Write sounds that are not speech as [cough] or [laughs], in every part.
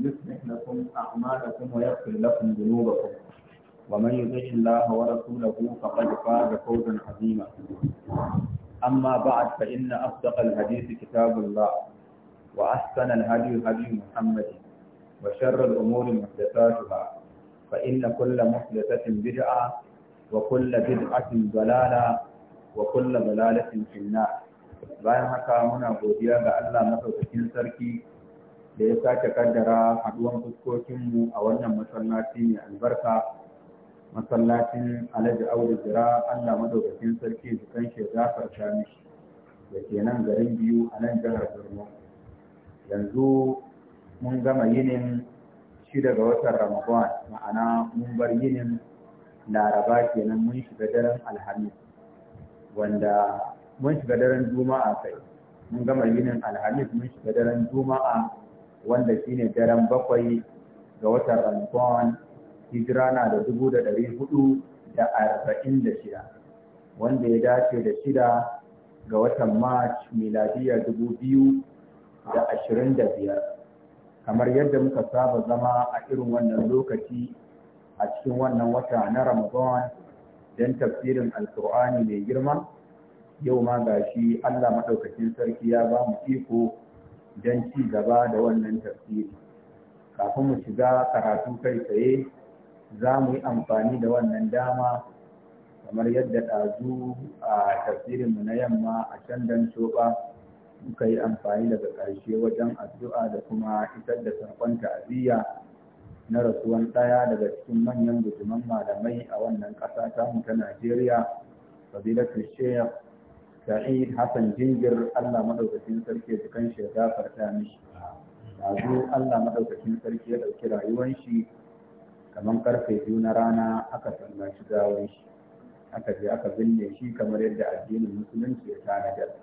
يصلح لكم أعمالكم ويغفر لكم ذنوبكم ومن يطع الله ورسوله فقد فاز فوزا عظيما أما بعد فإن أصدق الحديث كتاب الله وأحسن الهدي هدي محمد وشر الأمور محدثاتها فإن كل محدثة بدعة وكل بدعة ضلالة وكل ضلالة في النار bayan haka muna godiya ga Allah madaukakin sarki da ya sake kaddara haduwan fuskokinmu a wannan masallaci mai albarka masallacin alhaji audu jira allah madaukakin sarki kan shi gafarta mishi da ke nan garin biyu a nan jihar borno yanzu mun gama yinin shi daga watan ramadan ma'ana mun bar yinin laraba kenan mun shiga daren alhamis wanda mun shiga daren juma'a kai mun gama yinin alhamis mun shiga daren juma'a wanda shine daren bakwai ga watan Ramadan hijira na da dubu da ɗari hudu da arba'in da shida wanda ya dace da shida ga watan March miladiya dubu biyu da ashirin da biyar kamar yadda muka saba zama a irin wannan lokaci a cikin wannan wata na Ramadan don tafsirin alkur'ani mai girma yau ma gashi Allah maɗaukacin sarki ya ba mu iko don ci gaba da wannan tafsiri kafin mu shiga karatu kai tsaye za mu yi amfani da wannan dama kamar yadda ɗazu a tafsirin mu na yamma a can dan coɓa muka yi amfani daga ƙarshe wajen addu'a da kuma isar da saƙon ta'aziyya na rasuwan ɗaya daga cikin manyan guduman malamai a wannan ƙasa ta Najeriya, Fadilatul Sheikh Sa'id Hassan Jingir Allah madaukakin sarki ya kan shi ya gafarta mishi. Yanzu Allah madaukakin sarki ya ɗauki rayuwar shi kamar karfe biyu na rana aka shi gawar shi. Aka je aka binne shi kamar yadda addinin musulunci ya tanadar.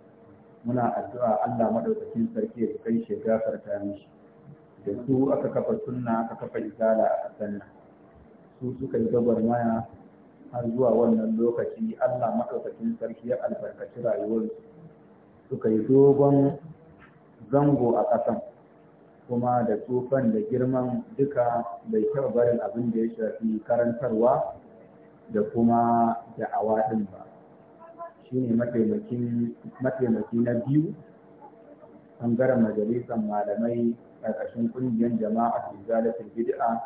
Muna addu'a Allah madaukakin sarki ya kan shi ya gafarta mishi. Da su aka kafa sunna aka kafa izala a ƙasar Su suka yi gwagwarmaya har zuwa wannan lokaci Allah maɗaukakin sarki ya albarkaci rayuwarsu suka yi dogon zango a ƙasan kuma da tsufan da girman duka da kyau barin abin da ya shafi karantarwa da kuma da ɗin ba shi ne mataimaki na biyu ɓangaren majalisar malamai ƙarƙashin ƙungiyar jama'a su zalafin bid'a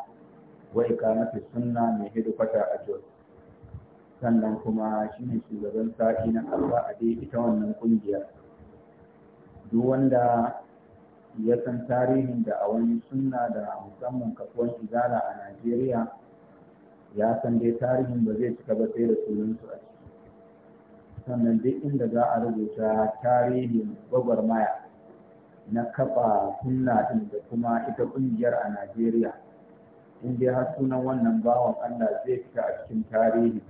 wa ikamata sunna mai kwata a jos sannan kuma shi ne shugaban sa'i na alba a dai ita wannan kungiyar duk wanda ya san tarihin da a wani sunna da musamman kasuwan izala a najeriya ya san dai tarihin ba zai cika ba sai da su a ciki sannan duk inda za a rubuta tarihin gwagwarmaya na kafa sunna din da kuma ita kungiyar a najeriya in dai har sunan wannan bawan allah zai fita a cikin tarihin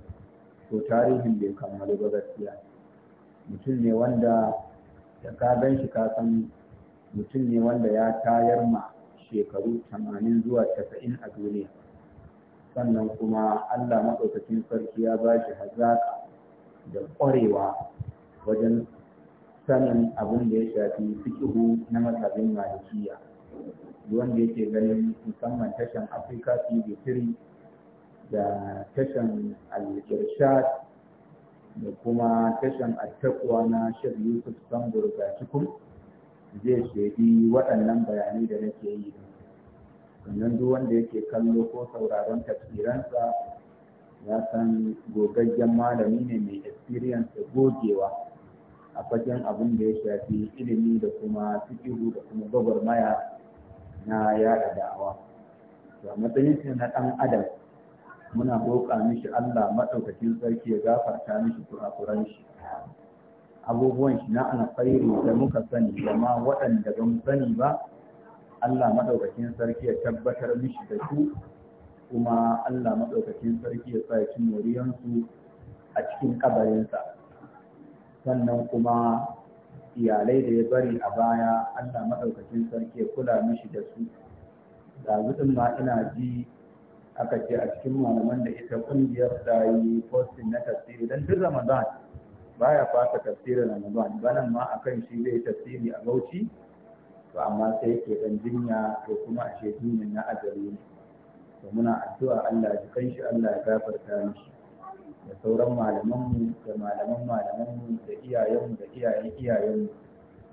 to tarihin bai kammalu ba gaskiya mutum ne wanda da ka gan shi ka san mutum ne wanda ya tayar ma shekaru 80 zuwa 90 a duniya sannan kuma Allah maɗaukakin sarki ya ba shi hazaƙa da ƙwarewa wajen sanin abin da ya shafi fikihu na mazhabin malikiya wanda yake ganin musamman tashan Africa TV 3 da tashan al-irshad da kuma tashan al-taqwa na Sheikh Yusuf Sambur Gacikum zai shaidi waɗannan bayanai da nake yi sannan duk wanda yake kallo ko sauraron tafsiransa ya san gogaggen malami ne mai experience da gogewa a fagen abin da ya shafi ilimi da kuma fikihu da kuma gwagwarmaya na yada da'awa to a matsayin na ɗan adam muna roƙa mishi Allah maɗaukakin sarki ya gafarta mishi kurakuran shi abubuwan shi na alkhairi da muka sani da ma waɗanda ba sani ba Allah maɗaukakin sarki ya tabbatar mishi da su kuma Allah maɗaukakin sarki ya sa ya ci moriyansu a cikin kabarinsa sannan kuma iyalai da ya bari a baya Allah maɗaukakin sarki ya kula mishi da su da ma ina ji aka ce a cikin malaman da ita kungiyar ta yi postin na tafsiri don duk ramadan baya fata tafsirin ramadan nan ma akan shi zai tafsiri a bauchi to amma sai yake dan jinya to kuma a dinin na ajali ne to muna addu'a Allah ya kan shi Allah ya gafarta mishi da sauran malamanmu da malaman malamanmu da iyayenmu da iyayen iyayenmu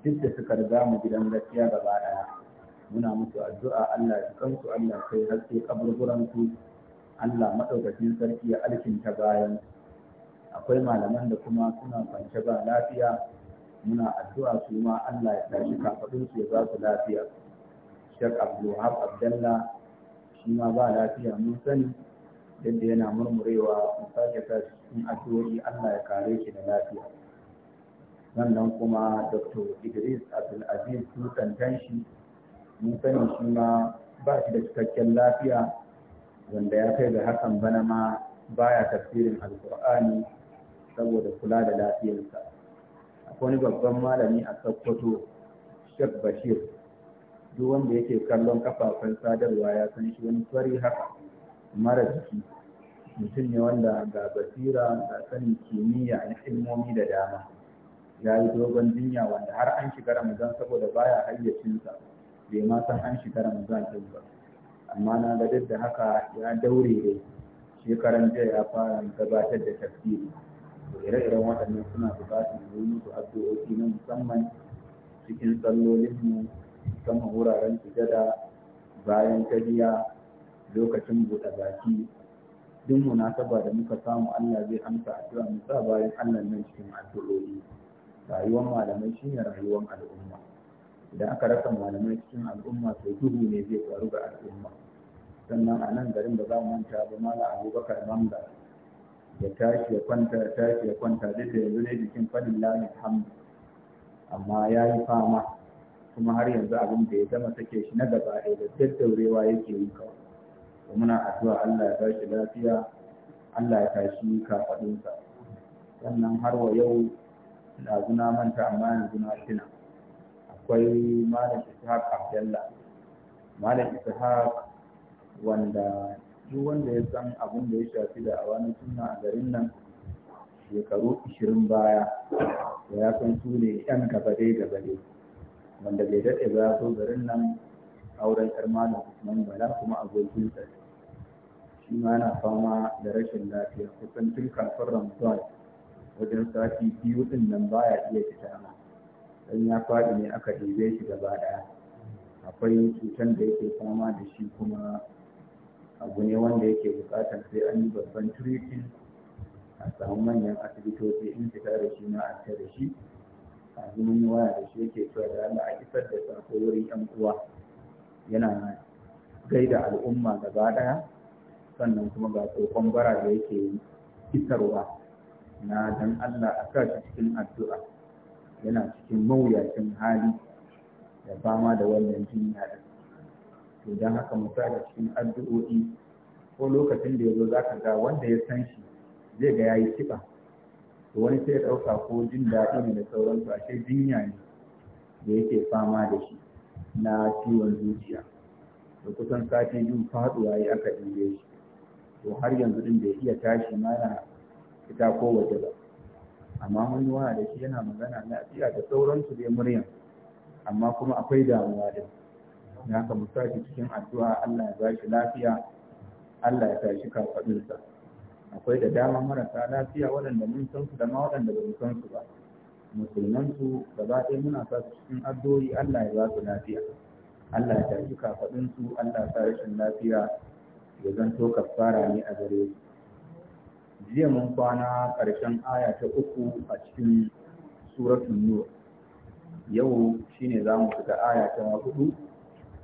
duk da suka riga mu gidan gaskiya gaba daya muna musu addu'a Allah ya kansu Allah kai haske kaburburan su Allah madaukakin sarki ya alkinta bayan akwai malaman da kuma suna kwance ba lafiya muna addu'a su ma Allah ya tashi kafadun su ya su lafiya Sheikh Abdulwahab Abdallah shi ma ba lafiya mun sani yadda yana murmurewa mun sake sa cikin addu'o'i Allah ya kare shi da lafiya sannan kuma Dr. Idris Abdulaziz Dutsen Tanshi mun sani shi ma ba shi da cikakken lafiya wanda ya kai ga hakan bana ma baya tafsirin alkur'ani saboda kula da lafiyarsa akwai wani babban malami a sokoto shek bashir duk wanda yake kallon kafafen sadarwa ya san shi wani fari haka mara jiki mutum ne wanda ga basira ga sanin kimiyya na ilmomi da dama ya yi dogon jinya wanda har an shiga ramadan saboda baya hayyacinsa bai ma san an shiga ramadan tabba. ba amma na ga duk da haka ya daure ne shekaran jiya ya fara gabatar da tafsiri to ire-iren waɗannan suna buƙatar mu yi musu addu'o'i na musamman cikin sallolin mu musamman wuraren sujada bayan tabiya lokacin buɗe baki duk munasaba da muka samu Allah zai amsa addu'a mu sa bayan Allah nan cikin addu'o'i rayuwar malamai shine rayuwar al'umma idan aka rasa malamai cikin al'umma to duhu ne zai faru ga al'umma sannan a nan garin da za mu manta ba mala abubakar banga ya tashi ya kwanta ya tashi ya kwanta duk da yanzu ne jikin fadin lamin hamdu amma ya yi fama kuma har yanzu abin da ya zama take shi na gaba ɗaya da daddaurewa yake yi kawai muna addu'a Allah ya tashi lafiya Allah ya tashi kafaɗinsa sannan har wa yau na guna manta amma yanzu na tuna akwai malam ishaq abdalla malam ishaq wanda duk wanda ya san abin da ya shafi da awani suna a garin nan shekaru 20 baya da ya san su ne yan gabade gabade wanda bai daɗe ba ya so garin nan auren yar malam usman bala kuma abokin sa shi ma yana fama da rashin lafiya kusan tun kafin ramadan wajen sati biyu din nan baya iya fita in ya faɗi ne aka ɗebe shi gaba ɗaya akwai cutar da yake fama da shi kuma abu ne wanda yake buƙatar sai an yi babban turikin a samu manyan asibitoci in fita da shi na a da shi a zumin waya da shi yake cewa da Allah a isar da sako wurin yan uwa yana gaida al'umma gaba ɗaya sannan kuma ga tsohon bara da yake kisarwa. na dan Allah a sa cikin addu'a yana cikin mawuyacin hali da fama da wannan jinya da to don haka mu da cikin addu'o'i ko lokacin da ya zo za ga wanda ya san shi zai ga yayi kiba kiɓa to wani sai ya ɗauka ko jin daɗi ne da su ashe jinya ne da yake fama da shi na ciwon zuciya to kusan sati jin faduwa ya aka dinge shi to har yanzu ɗin bai iya tashi mana fita ko waje ba amma wani wani da shi yana magana lafiya da sauransu dai murya, amma kuma akwai damuwa da shi. Ya mu cikin addu'a Allah ya ba lafiya Allah ya tashi sa akwai da dama marasa lafiya waɗanda mun san su da ma waɗanda ba mu san su ba musulman su gaba ɗaya muna sa su cikin addu'o'i Allah ya ba su lafiya Allah ya tashi su Allah ya sa rashin lafiya ya zanto kafara ne a gare su jiya mun kwana ƙarshen aya ta uku a cikin suratun nur yau shine za mu fita aya ta hudu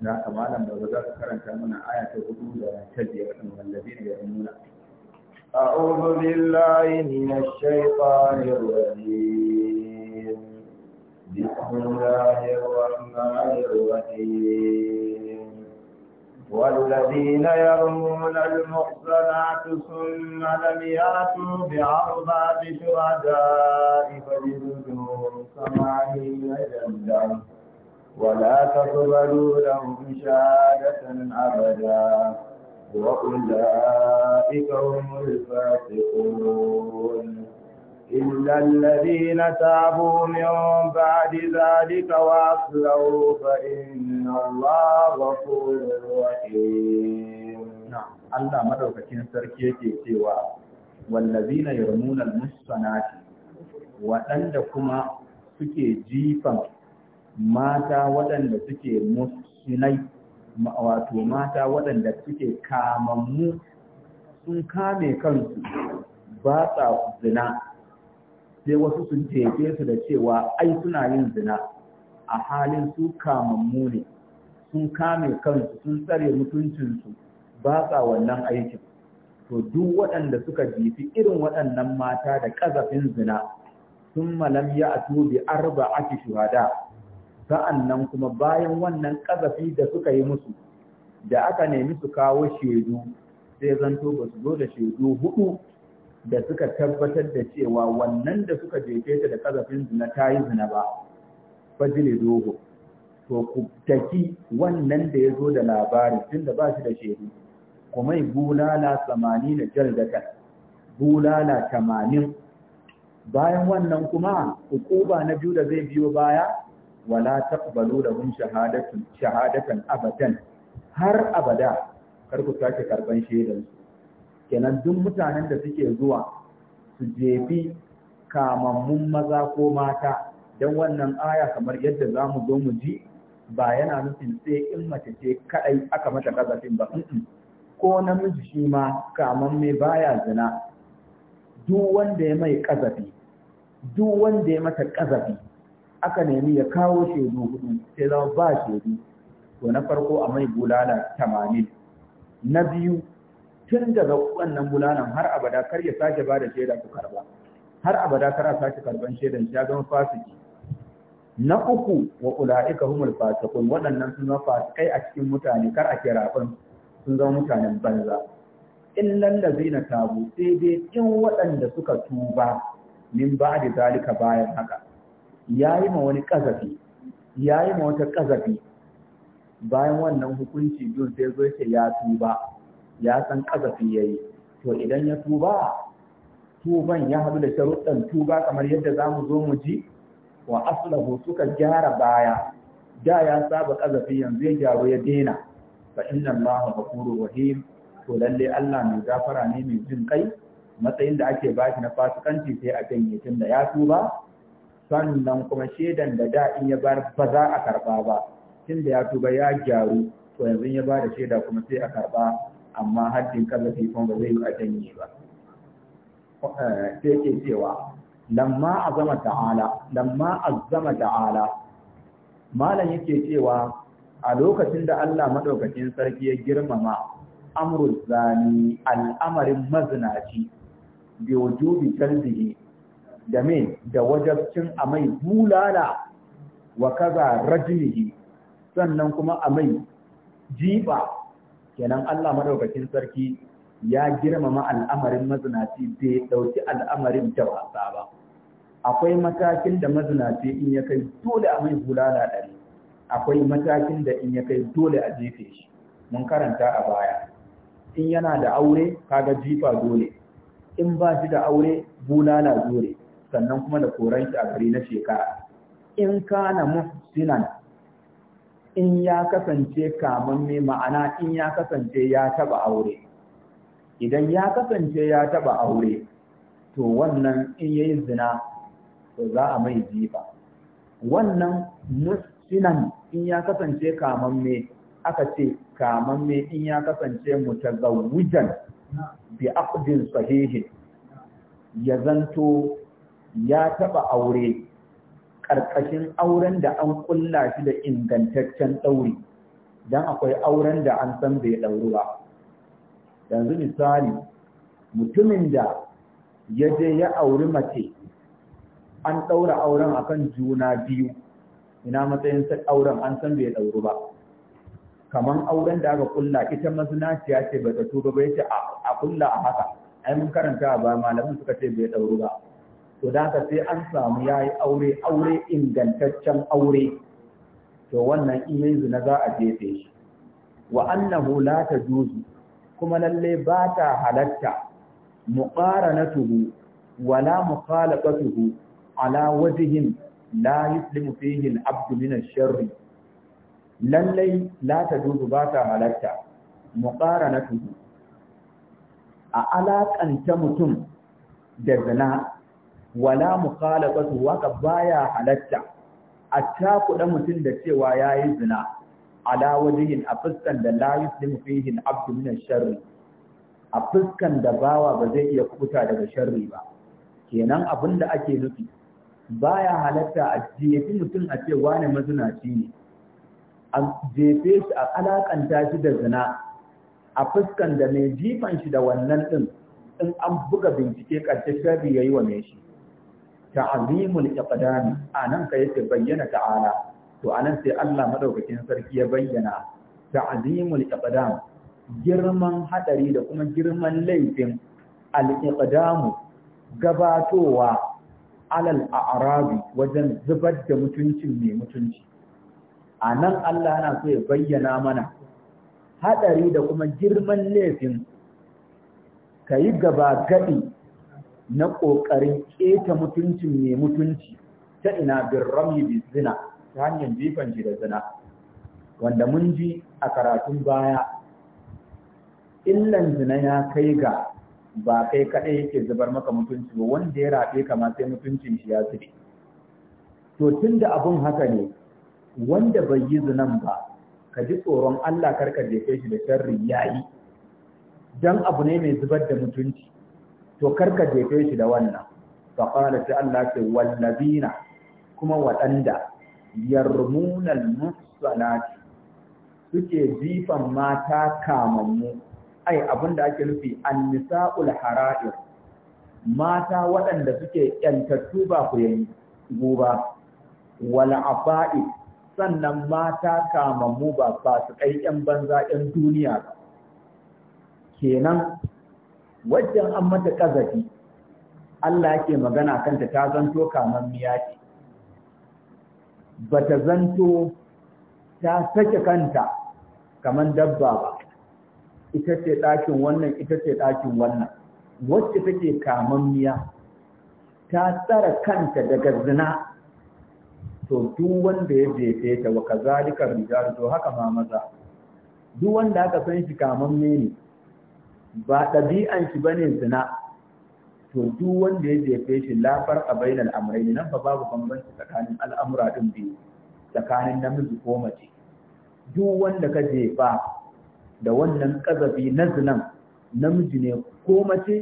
na kamalan da za ka karanta mana aya ta hudu da ta biyar ɗin wallabi da nuna أعوذ بالله من الشيطان الرجيم بسم الله الرحمن الرحيم والذين يرمون المحصنات ثم لم ياتوا بأربعة شهداء فجلدوهم ثمانين جلدا ولا تقبلوا لهم شهادة أبدا وأولئك هم الفاسقون إلا الذين تابوا من بعد ذلك وأصلوا فإن الله غفور رحيم نعم الله مدوكتين سركيكي سوى والذين يرمون المحصنات وأن كما suke jifan mata waɗanda suke musinai wato mata waɗanda suke kamammu sun kame kansu ba sa zina sai wasu sun jefe su da cewa ai suna yin zina a halin su kamammu ne sun kame kansu sun tsare mutuncinsu ba sa wannan aikin to duk waɗanda suka jifi irin waɗannan mata da ƙazafin zina sun malam ya atu bi arba ake shuhada nan kuma bayan wannan ƙazafi da suka yi musu da aka nemi su kawo shaidu sai zanto ba su zo da shaidu hudu da suka tabbatar da cewa wannan da suka jefe ta da kazafin zina ta yi zina ba fajili dogo to ku taki wannan da ya zo da labarin tunda ba shi da shehu kuma bulala samani na jaldata bulala tamanin bayan wannan kuma hukuba na biyu da zai biyo baya wala taqbalu lahum shahadatan shahadatan abadan har abada kar ku sake karban shaidan kenan duk mutanen da suke zuwa su jefi kamammun maza ko mata don wannan aya kamar yadda za mu zo mu ji ba yana nufin sai in mace ce kaɗai aka mata kazafin ba ko namiji shi ma kaman mai baya zina duk wanda ya mai kazafi duk wanda ya mata ƙazafi aka nemi ya kawo shaidu hudu sai zama ba shaidu to na farko a mai bulala tamanin na biyu tun daga wannan bulanan har abada kar ya sake ba da shaida ku karba har abada kar a sake karban shaidan ya zama fasiki na uku wa ula'ika humul fasiqun waɗannan sun zama fasikai a cikin mutane kar a kira sun zama mutanen banza illan zai na tabu sai dai in waɗanda suka tuba min ba zalika bayan haka ya ma wani ƙazafi ya ma wata kazafi bayan wannan hukunci biyun sai zo ya tuba ya san ƙazafi ya yi to idan ya tuba tuban ya haɗu da sharuɗan tuba kamar yadda za mu zo mu ji wa aslahu suka gyara baya da ya saba kazafi yanzu ya gyaru ya daina fa inna allaha ghafurur rahim to lalle Allah mai gafara ne mai jin kai matsayin da ake ba shi na fasikanci sai a ganye tunda ya tuba sannan kuma shedan da da in ya bar ba za a karba ba tunda ya tuba ya gyaru to yanzu ya ba da sheda kuma sai a karba amma haddin kallafi kuma ba zai yi a janye ba eh, sai ke cewa lamma azama ta'ala lamma azama ta'ala malam yake cewa a lokacin da Allah madaukakin sarki ya girmama amrul zani al'amarin mazinaci bi wujubi kalbihi da me da wajabcin amai bulala wa kaza rajmihi sannan kuma amai jiba kenan Allah madaukakin sarki ya girmama al'amarin mazinaci bai ɗauki al'amarin da wasa ba akwai matakin da mazinaci in ya kai dole a mai bulala ɗari akwai matakin da in ya kai dole a jefe shi mun karanta a baya in yana da aure kaga jifa dole in ba shi da aure bulala dole sannan kuma da koran a gari na shekara in kana muhsinan in ya kasance kamamme ma'ana in ya kasance ya taba aure idan ya kasance ya taba aure to wannan in yayi zina to za a mai jifa wannan musinan in ya kasance kamamme aka ce kamamme in ya kasance mutazawwijan bi aqdin sahihi ya zanto ya taba aure ƙarƙashin auren da an ƙulla shi da ingantaccen ɗauri don akwai auren da an san bai ɗauri ba yanzu misali mutumin da ya je ya auri mace an ɗaura auren akan juna biyu ina matsayin auren an san bai ɗauri ba Kamar auren da aka kulla ita mazinaciya ce ba ta tuba ba yace a ƙulla a haka ai mun karanta ba malamin suka ce bai ɗauri ba to da haka sai an samu ya yi aure aure ingantaccen aure to wannan in zina za a jefe shi wa annahu la tajuzu kuma lalle ba ta halatta muqaranatuhu wala muqalaqatuhu ala wajhin la yuslimu fihi al-abdu min ash-sharri lalle la tajuzu ba ta halatta muqaranatuhu a alaƙanta mutum da zina wala mukhalafatu waka baya halatta a takuɗa mutum da cewa yayi zina ala wajihin a fuskan da la yuslimu fihi al-abdu min sharri a fuskan da bawa ba zai iya kuta daga sharri ba kenan abin da ake nufi baya halatta a jefi mutum a ce wane mazinaci ne a jefe shi a alakanta shi da zina a fuskan da mai jifan shi da wannan din in an buga bincike karshe sharri yayi wa mai shi ta'azimul iqdami anan ka yake bayyana ta'ala to anan sai Allah madaukakin sarki ya bayyana ta'azimul iqdam girman hadari da kuma girman laifin al-iqdamu gabatowa alal a'rabi wajen zubar da mutunci mai mutunci anan Allah yana so ya bayyana mana hadari da kuma girman laifin kayi gaba gadi na ƙoƙarin ƙeta mutuncin mai mutunci ta ina bin rami bi zina ta hanyar jifan shi da zina wanda mun ji a karatun baya illan zina ya kai ga ba kai kaɗai yake zubar maka mutunci ba wanda ya raɓe ka ma sai mutuncin shi ya zube to tunda abun haka ne wanda bai yi zinan ba ka ji tsoron Allah karka jefe shi da sharri yi. dan abu ne mai zubar da mutunci to karka jefe shi da wannan fa qala ta Allah ce wallazina kuma waɗanda yarmunal muhsanati suke jifan mata kamammu ai abinda ake nufi annisa'ul hara'ir mata waɗanda suke yantattu ba ku yayi goba wal afa'i sannan mata kamammu ba ba su kai yan banza yan duniya ba kenan Wajen an mata kazafi Allah yake magana kanta ta zanto miya ce bata zanto ta sake kanta kamar dabba ba ita ce ɗakin wannan ita ce ɗakin wannan wacce take miya ta tsara kanta daga zina to duk wanda ya jefe ta wa kazalika rijal to haka ma maza duk wanda aka san shi kamamme ne ba ɗabi'an shi bane zina to duk wanda ya jefe shi lafar a bainal amrayn nan fa babu bambanci tsakanin al'amura din biyu tsakanin namiji ko mace duk wanda ka jefa da wannan ƙazafi na zinan namiji ne ko mace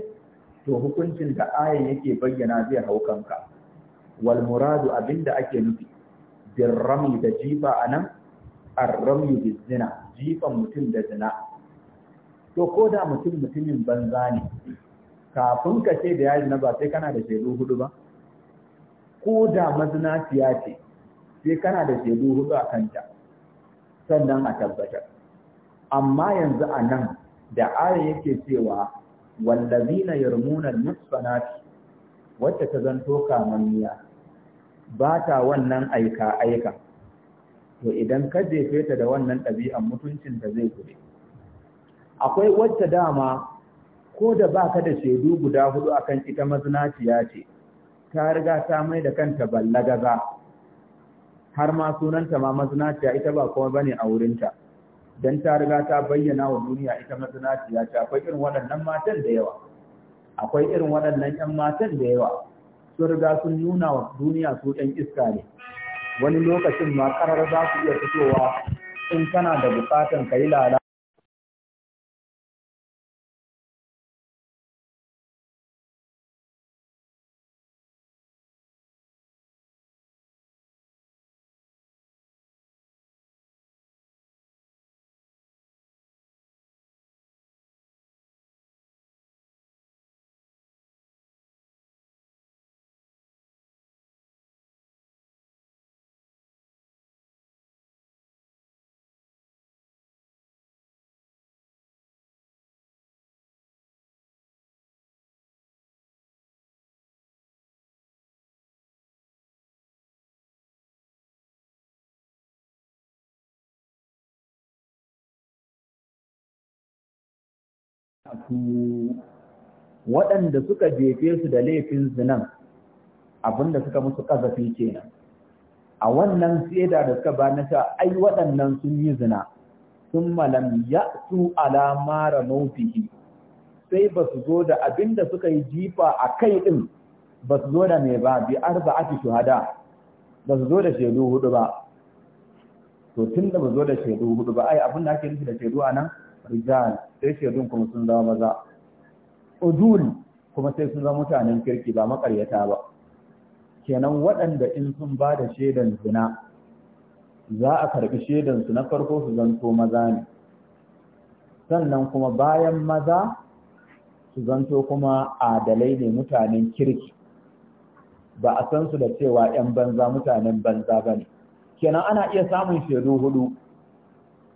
to hukuncin da ayan yake bayyana zai hau kanka wal muradu abinda ake nufi bin rami da jifa anan ar-rami bizina jifan mutum da zina to ko da mutum mutumin banza ne kafin ka ce da yaji na ba sai kana da shaidu hudu ba ko da mazinaciya ce sai kana da shaidu hudu a kanta sannan a tabbatar amma yanzu a nan da Aya yake cewa wallazina yarmuna al-musfanati wacce ta zanto kamanniya ba ta wannan aika aika to idan ka jefe ta da wannan ɗabi'an mutuncinta zai kure akwai wacce dama ko da ba ka da shaidu guda hudu akan ita mazinaciya ce ta riga ta mai da kanta ballagaza har ma sunanta ma mazinaciya ita ba kuma bane a wurinta don ta riga ta bayyana wa duniya ita mazinaciya ce akwai irin waɗannan matan da yawa akwai irin waɗannan ƴan matan da yawa sun riga sun nuna wa duniya su ɗan iska ne wani lokacin ma ƙarar za su iya fitowa in kana da buƙatan ka yi lalata waɗanda suka jefe su da laifin zinan abinda suka musu ƙazafi kenan a wannan tseda da suka ba na sha ai waɗannan sun yi zina sun malam ya su alamara maufihi sai ba su zo da abinda suka yi jifa a kai ɗin ba su zo da mai ba bi ake shuhada ba su zo da shaidu hudu ba to tun da ba zo da shaidu hudu ba ai abin da ake nufi da shaidu a nan rijal sai shaidun kuma sun zama maza udul kuma sai sun zama mutanen kirki ba makaryata ba kenan waɗanda in sun ba da shaidan zina za a karɓi shaidan su na farko su zanto maza ne sannan kuma bayan maza su zanto kuma adalai ne mutanen kirki ba a san su da cewa 'yan banza mutanen banza ba ne kenan ana iya samun shaidu hudu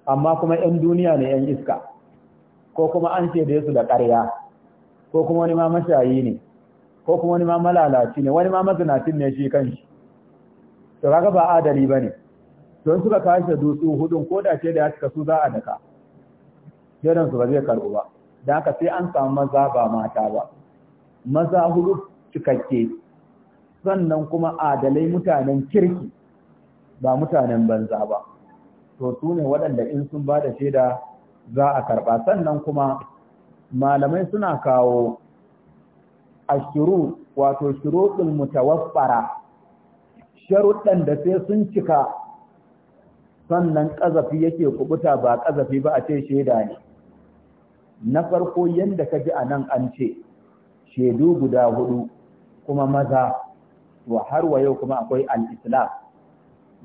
amma kuma 'yan duniya ne 'yan iska ko kuma an ce da su da ƙarya ko kuma wani ma mashayi ne ko kuma wani ma malalaci ne wani ma mazinacin ne shi kan shi. to kaga ba adali bane don suka kashe dutsu hudun ko da ce da ya cika su za a daka yaron su ba zai karbu ba da haka sai an samu maza ba mata ba maza hudu cikakke sannan kuma adalai mutanen kirki ba mutanen banza ba to su ne waɗanda in sun ba da shaida za a karɓa sannan kuma malamai suna kawo ashiru wato shuruɗin mutawaffara sharuɗan da sai sun cika sannan ƙazafi yake kubuta ba ƙazafi ba a ce shaida ne na farko yadda ka ji a nan an ce shaidu guda hudu kuma maza wa har wa yau kuma akwai al-islam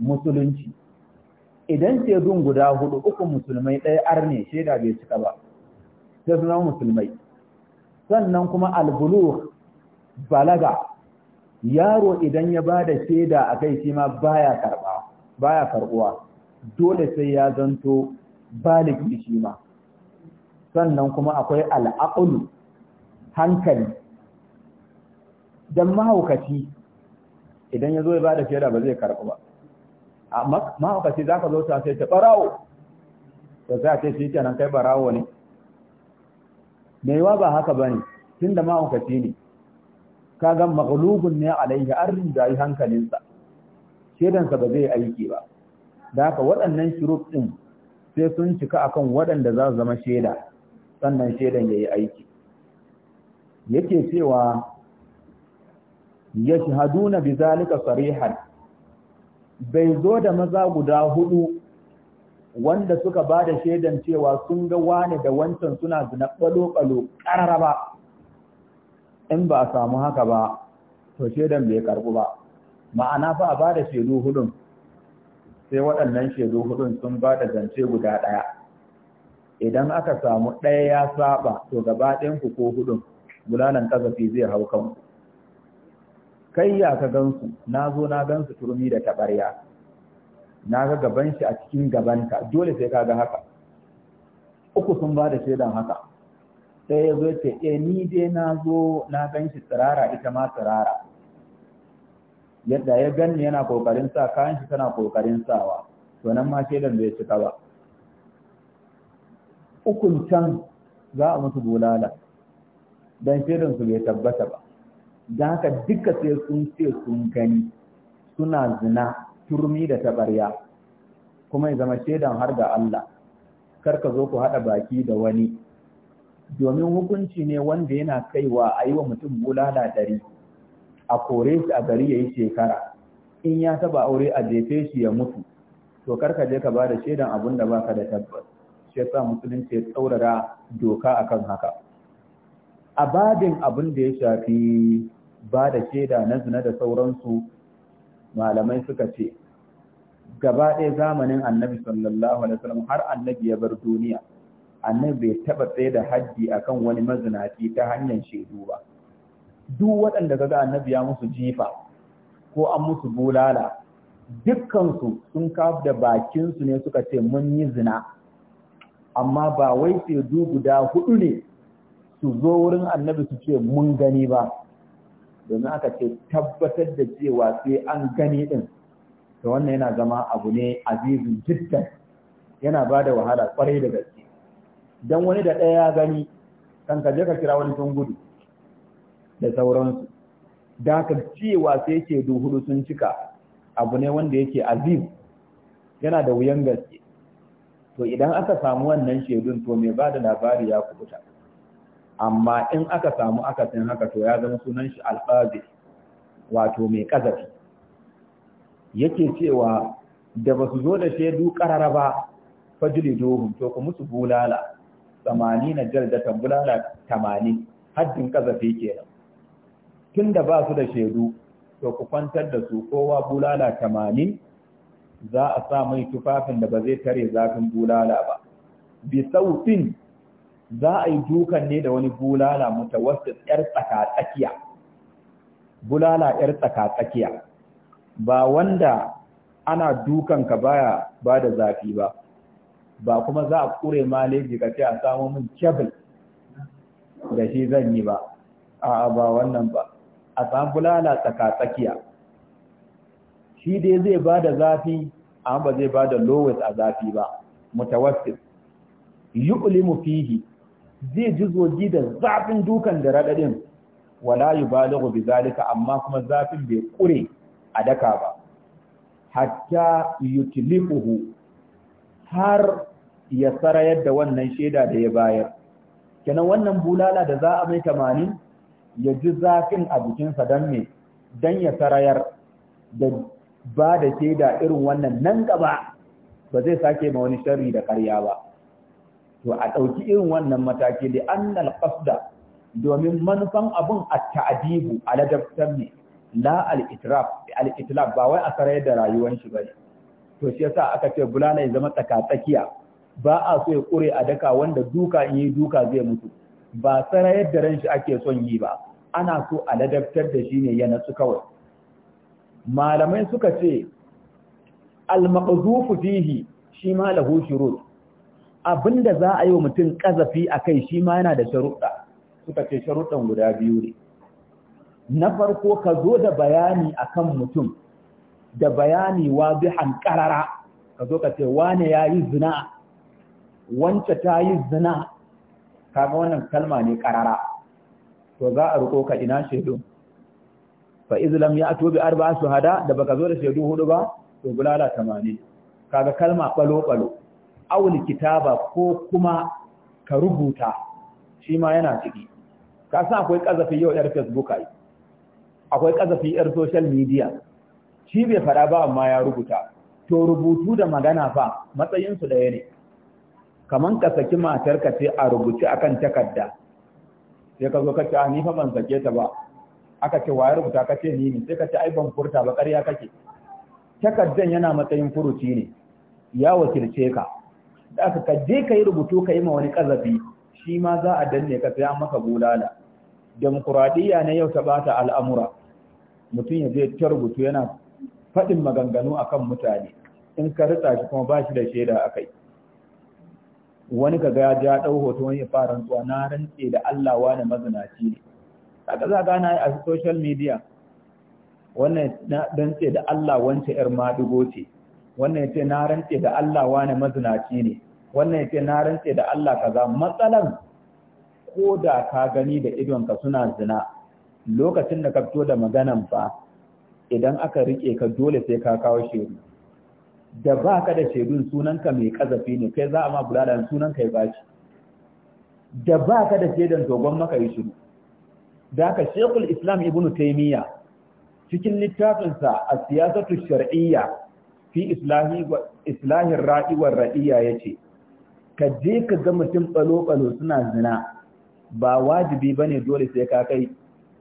musulunci idan shedun guda hudu uku musulmai ɗaya arne shaida bai cika ba sai musulmai sannan kuma albulur balaga yaro idan ya ba da shaida a kai shi ma baya karba baya karbuwa dole sai ya zanto baligi shi ma sannan kuma akwai al'aqlu hankali dan mahaukaci idan yazo ya ba da shaida ba zai karɓu ba mahaukaci za ka zo ta sai ta ɓarawo da za ta shi kenan kai ɓarawo ne maiwa ba haka ba ne tun da mahaukaci ne ka gan maglubun ne alaihi an yi hankalinsa shaidansa ba zai aiki ba da haka waɗannan shiruf ɗin sai sun cika akan waɗanda za su zama shaida sannan shaidan ya yi aiki yake cewa ya shahaduna bi zalika sarihan bai zo da maza guda hudu wanda suka ba da shaidan cewa sun ga wane da wancan suna zina ɓalo-ɓalo ƙarara ba in ba a samu haka ba to shaidan bai karɓu ba ma'ana fa a ba da shaidu hudun sai waɗannan shaidu hudun sun ba da zance guda ɗaya idan aka samu ɗaya ya saba to gaba ɗayan ku ko hudun bulalan ƙazafi zai hau kanku kai ya ka gansu na zo na gansu turmi da taɓarya na ga gaban shi a cikin gabanka dole sai ka ga haka uku sun ba da shaidan haka sai ya zo ce eh ni dai na zo na gan shi tsirara ita ma tsirara yadda ya ganni yana kokarin sa kayan shi tana kokarin sawa to nan ma shaidan bai cika ba ukun can za a mutu bulala Dan shaidan su bai tabbata ba don haka duka sai sun ce sun gani suna zina turmi da tabarya kuma ya zama shaidan har ga Allah kar ka zo ku haɗa baki da wani domin hukunci ne wanda yana kaiwa a yi wa mutum bulala ɗari a kore shi a gari ya yi shekara in ya taba aure a jefe shi ya mutu to kar ka je ka ba da shaidan abin da baka da tabbas shi yasa musulunci ya tsaurara doka akan haka a babin abin da ya shafi ba da shaida na zina da sauransu malamai suka ce gaba ɗaya zamanin annabi sallallahu alaihi wasallam har annabi ya bar duniya annabi bai taɓa tsaye da haji akan wani mazinaci ta hanyar shaidu ba duk waɗanda ga annabi ya musu jifa ko an musu bulala dukkansu sun ka da bakinsu ne suka ce mun yi zina amma ba wai shaidu guda hudu ne su zo wurin annabi su ce mun gani ba domin aka ce tabbatar da cewa sai an gani din to wannan yana zama abu ne azizin jiddan yana ba da wahala kwarai da gaske dan wani da ɗaya ya gani kan ka je ka kira wani sun gudu da sauransu da ka cewa sai yake duhudu sun cika abu ne wanda yake aziz yana da wuyan gaske to idan aka samu wannan shaidun to mai ba da labari ya kubuta amma in aka samu akasin haka to ya zama sunan shi alfazi wato mai kazafi yake cewa da ba su zo da shaidu karara ba fajili dohun to ku musu bulala samani na jaldatan bulala tamanin haddin kazafi kenan tun da ba su da shaidu to ku kwantar da su kowa bulala tamanin za a sa mai tufafin da ba zai tare zafin bulala ba bi sautin za a yi dukan ne da wani bulala mutawassit yar tsakatsakiya tsakiya bulala yar tsakatsakiya ba wanda ana dukan ka baya ba da zafi ba ba kuma za a kure maleji ka ce a samu min kebul da shi zan yi ba a ba wannan ba a samu bulala tsakatsakiya tsakiya shi dai zai ba da zafi amma ba zai ba da lowest a zafi ba mutawassit yu'limu fihi zai ji zogi da zafin dukan da raɗaɗin wala yi balagu bi zalika amma kuma zafin bai kure a daka ba hatta yutliquhu har ya sarayar da wannan shaida da ya bayar kenan wannan bulala da za a mai tamani ya ji zafin a jikinsa dan me don ya sarayar da ba da sheda irin wannan nan gaba ba zai sake ma wani sharri da karya ba to a ɗauki irin wannan mataki da annal qasda domin manufan abun at a ladabtar ne la al-itraf al-itlaf ba wai a sarai da rayuwar shi bane to shi yasa aka ce bulala ya zama tsakatsakiya ba a so ya kure a daka wanda duka in yi duka zai mutu ba sa da ran shi ake son yi ba ana so a ladabtar da shi ne ya natsu kawai malamai suka ce al-maqzufu fihi shi ma lahu shurut abinda za a yi wa mutum kazafi a kai shi ma yana da sharuɗa suka ce sharuɗan guda biyu ne na farko ka zo da bayani a kan mutum da bayani wazihan ƙarara, ka zo ka ce wane ya yi zina wance ta yi zina kaga wannan kalma ne karara to za a riko ka ina shaidu fa izlam ya ato bi arba'a shuhada da baka zo da shaidu hudu ba to bulala 80 kaga kalma ɓalo-ɓalo. awul kitaba ko kuma ka rubuta shi ma yana ciki ka san akwai kazafi yau yar facebook ai akwai kazafi yar social media shi bai fara ba amma ya rubuta to rubutu da magana fa matsayin su daya ne kaman ka saki ka ce a rubuce akan takarda sai ka zo ka ce a ah, ni fa ban sake ta ba aka ce waye rubuta ka ce ni ne sai ka ce ai ban furta ba ƙarya kake takardan yana matsayin furuci ne ya wakilce ka da aka ka je ka yi rubutu ka yi ma wani ƙazafi, shi ma za a danne ka sai maka bulala demokuraɗiyya ne yau ta bata al'amura mutum ya je ta rubutu yana faɗin maganganu akan mutane in ka ritsa shi kuma ba shi da shaida a kai wani ka ga ya ɗau hoto wani ya fara rantsuwa na rantse da Allah wani mazinaci ne kaga za gana a social media wannan na rantse da Allah wancan yar madugo ce wannan ya ce na rantse da Allah wani mazinaci ne wannan ya ce na rantse da Allah kaza matsalan ko da ka gani da idonka suna zina lokacin da ka fito da maganan fa idan aka rike ka dole sai ka kawo shedu da ba ka da shedun sunanka mai kazafi ne kai za a ma bulala sunanka ya baci da ba ka da shedan dogon maka yi shiru da ka shekul islam ibnu taimiyya cikin littafinsa a siyasatu shar'iyya fi islahin ra'i wa ra'iya yace ka je ka ga mutum balo balo suna zina ba wajibi bane dole sai ka kai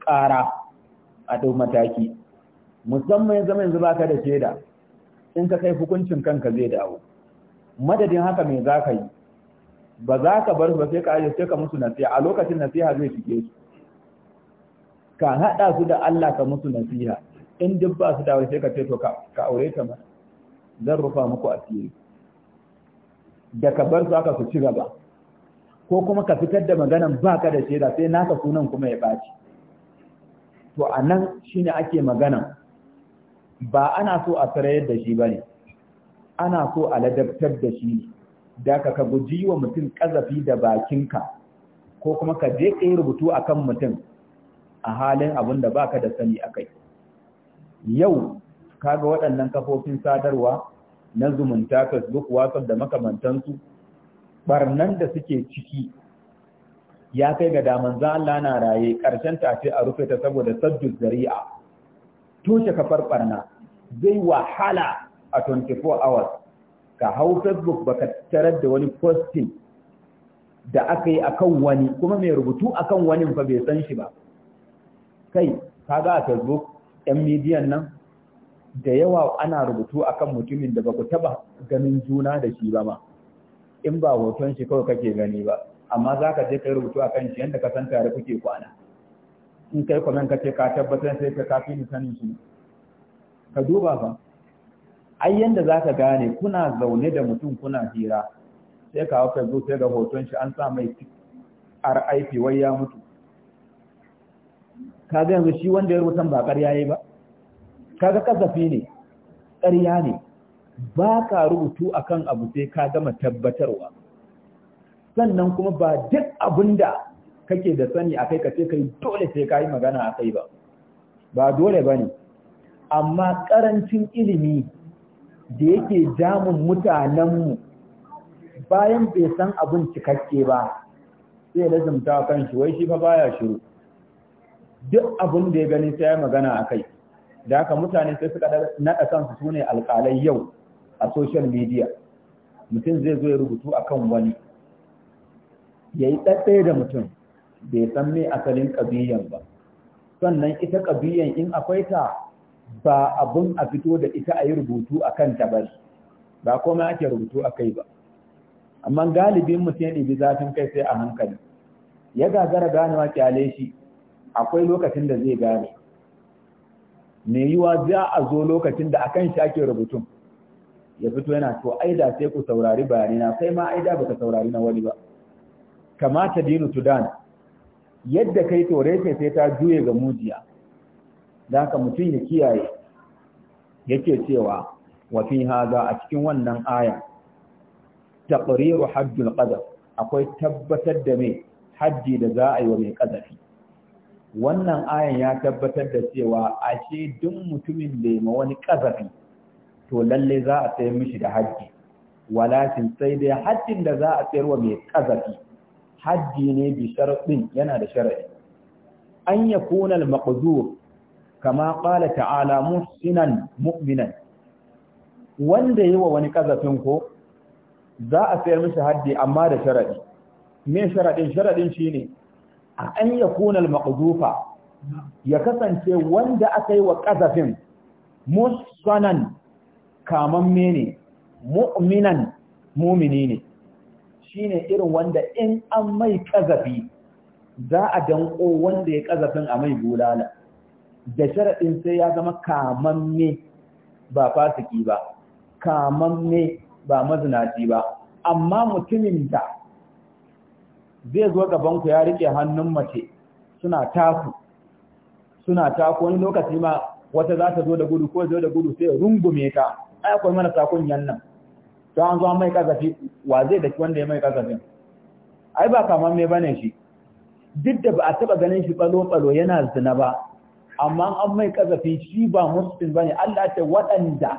ƙara a dau mataki musamman zama yanzu ka da shaida in ka kai hukuncin kanka zai dawo madadin haka me za ka yi ba za ka bar ba sai ka aje sai ka musu nasiha a lokacin nasiha zai shige su ka haɗa su da Allah ka musu nasiha in duk ba su dawo sai ka ce to ka aure ta mana zan rufa muku asiri da ka bar su aka su ci gaba ko kuma ka fitar da maganan baka da shaida sai naka sunan kuma ya ɓaci to a nan shine ake maganan ba ana so a sarayar da shi ba ne ana so a ladabtar da shi ne da ka ka guji wa mutum ƙazafi da bakinka ko kuma ka je ka yi rubutu a kan mutum a halin abin da baka da sani a kai yau kaga waɗannan kafofin sadarwa na zumunta facebook whatsapp da makamantansu barnan da suke ciki ya kai ga daman za Allah na raye ƙarshen tafe a rufe ta saboda saddus zari'a toshe kafar barna zai wahala a 24 hours ka hau facebook baka tarar da wani posting da aka yi akan wani kuma mai rubutu akan wani fa bai san shi ba kai kaga a facebook yan midiyan nan da yawa ana rubutu akan mutumin da ba ku taba ganin juna da shi ba ma in ba hoton shi kawai kake gani ba amma za ka je yi rubutu akan shi yadda ka san tare kuke kwana in kai kwanan ka ce ka tabbatar sai ka kafi ni sanin shi ka duba ba ai yadda za ka gane kuna zaune da mutum kuna hira sai ka hau zo sai ga hoton shi an sa mai rip wai ya mutu ka ga yanzu shi wanda ya rubutan ba ƙarya yi ba kaga kasafi ne ƙarya ne ba ka rubutu akan abu sai ka gama tabbatarwa sannan kuma ba duk abin da kake da sani a kai ka ce kai dole sai ka yi magana a kai ba ba dole ba ne amma ƙarancin ilimi da yake damun mutanenmu bayan bai san abin cikakke ba sai lazumta kan shi wai shi fa baya shiru duk abin da ya gani sai ya magana a kai da haka mutane sai suka naɗa kansu su ne alƙalai yau a social media mutum zai zo ya rubutu akan wani ya yi da mutum bai san me asalin ƙabiyan ba sannan ita kabiyan in akwai ta ba abun a fito da ita a yi rubutu a kan ta ba ba komai ake rubutu a kai ba amma galibin mutum ya ɗibi zafin kai sai a hankali ya gagara ganewa kyale shi akwai lokacin da zai gane me yiwa za a zo lokacin da akan shi ake rubutun ya fito yana to ai da sai ku saurari bayani na sai ma ai da baka saurari na wani ba kamata dinu tudan yadda kai tore ce sai ta juye ga mujiya da ka mutum ya kiyaye yake cewa wa haza a cikin wannan aya taqriru hajjul qadar akwai tabbatar da me haddi da za a yi wa mai qadafi wannan ayan ya tabbatar da cewa ashe duk mutumin da ma wani kazafi to lalle za a sayar mishi da haji walakin sai dai hajjin da za a wa mai kazafi hajji ne bi sharadin yana da sharadi an yakuna al-maqdur kama qala ta'ala muhsinan mu'minan wanda yi wa wani kazafin ko za a sayar mishi haddi amma da sharadi me sharadin sharadin shine an yakuna al-maqdufa ya kasance wanda aka yi wa ƙazafin musanan kamamme ne mu'minan mumini ne shine irin wanda in an mai ƙazafi za a danko wanda ya ƙazafin a mai bulala da sharaɗin sai ya zama kamamme ba fasiki ba kamamme ba mazinaci ba amma mutumin da zai zo gabanku ya rike hannun mace suna taku suna taku wani lokaci ma wata za ta zo da gudu ko zo da gudu sai rungume ka ai akwai mana sakon yannan to an zo an mai kazafi wa zai daki wanda ya mai kazafi ai ba kamar me bane shi duk da ba a taba ganin shi balo balo yana zina ba amma an mai kazafi shi ba muslim bane Allah ce waɗanda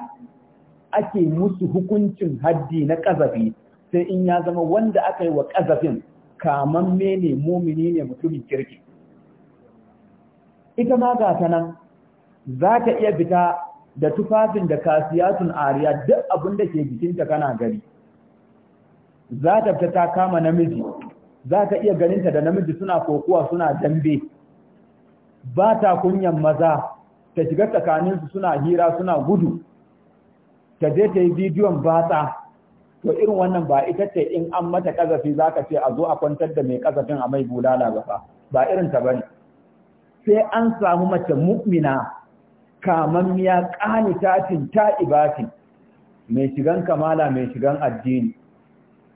ake musu hukuncin haddi na kazafi sai in ya zama wanda aka yi wa kazafin kamamme ne mumini ne mutumin kirki ita ma ga ta nan za ta iya fita da tufafin da kasiyatun ariya duk abin da ke bikinta kana gari za ta fita ta kama namiji za ka iya ganinta da namiji suna kokuwa suna dambe ba ta kunyan maza ta shiga tsakaninsu suna hira suna gudu ta je ta yi bidiyon batsa to irin wannan ba ita ce in an mata za ka ce a zo a kwantar da mai kazafin a mai bulala ba fa ba irin ta bane sai an samu mace mu'mina kamammiya ta ibati mai shigan kamala mai shigan addini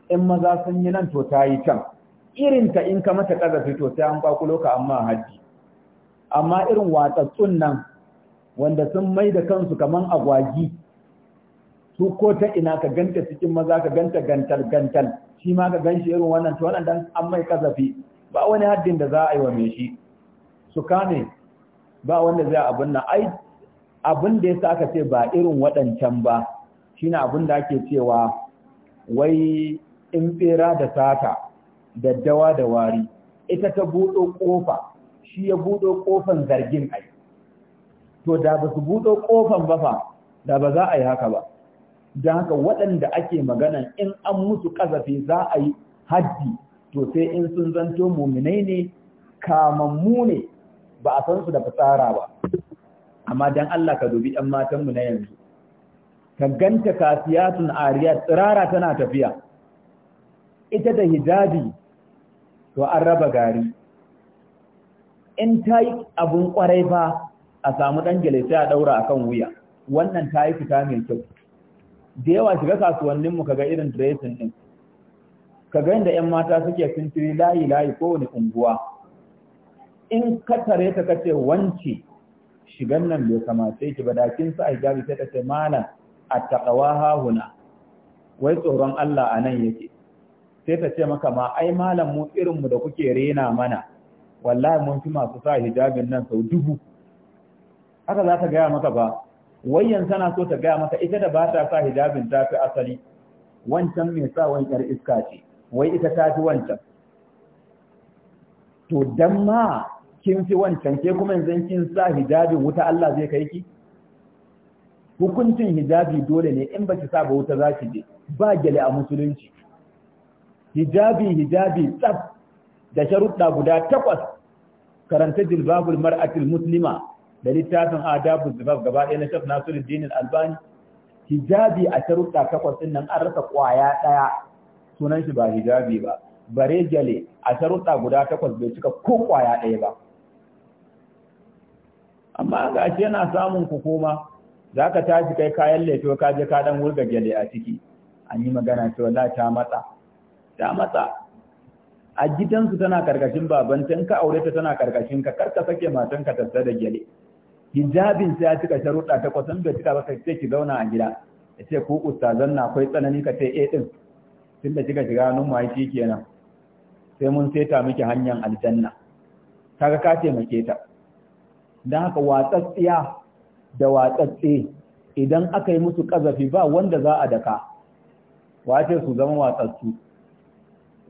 in maza sun yi nan to ta yi can Irinta ta in ka mata kazafi to sai an kwakulo ka amma haddi amma irin watsatsun nan wanda sun mai da kansu kaman agwagi su ko ta ina ka ganta cikin maza ka ganta gantal gantal shi ma ka ganshi irin wannan to wannan an mai kasafi ba wani haddin da za a yi wa mai shi su kame ba wanda zai abin nan ai abin da yasa aka ce ba irin waɗancan ba shine abin da ake cewa wai in tsera da sata daddawa da wari ita ta buɗo ƙofa shi ya buɗo ƙofan zargin ai to da ba su buɗo ƙofan ba fa da ba za a yi haka ba don haka waɗanda ake magana in an musu kazafi za a yi haddi to sai in sun zanto muminai ne kamammu ne ba a san su da fitsara ba amma don Allah ka dubi ɗan matanmu na yanzu ka ganta kasiyatun ariya tsirara tana tafiya ita da hijabi to an raba gari in ta yi abun kwarai ba a samu ɗan gyale sai a ɗaura akan wuya wannan ta yi fita mai kyau da yawa shiga kasuwannin mu kaga irin dressing din kaga inda yan mata suke sintiri layi layi kowane unguwa in ka tare ta kace wance shigan nan bai kamace ki ba dakin sa a gabi sai ta ce malam a huna wai tsoron Allah a anan yake sai ta ce maka ma ai malam mu irin mu da kuke rena mana wallahi mun fi masu sa hijabin nan sau dubu haka za ta gaya maka ba yanzu tana so ta gaya masa ita da ba ta sa hijabin ta fi asali wancan mai sa wani yar iska ce wai ita ta fi wancan to dan ma kin fi wancan ke kuma yanzu kin sa hijabin wuta Allah zai kai ki hukuncin hijabi dole ne in ba ki sa ba wuta za ki je ba gele a musulunci hijabi hijabi tsaf da sharuɗa guda takwas karanta jilbabul mar'atil muslima da littafin adabu zubab gaba ɗaya na shaf nasiruddin albani hijabi a sharuɗa takwas ɗin nan an rasa ƙwaya ɗaya sunan shi ba hijabi ba bare jale a sharuɗa guda takwas bai cika ko ƙwaya ɗaya ba amma ga shi yana samun hukuma za ka tashi kai kayan leto ka je ka ɗan wurga jale a ciki an yi magana cewa la ta matsa ta matsa a gidansu tana karkashin babanta in ka aure ta tana karkashin ka karka sake matanka tasta da gyale hijabin sai ya cika sharuɗa takwas kwasan da cika ba ce ki zauna a gida ya ce ku ustazan na akwai tsanani ka ce eh din tun da kika shiga hannun mai shi kenan sai mun saita miki hanyar aljanna kaga ka taimake ta dan haka watsatsiya da watsatsi idan aka yi musu kazafi ba wanda za a daka wace su zama watsatsu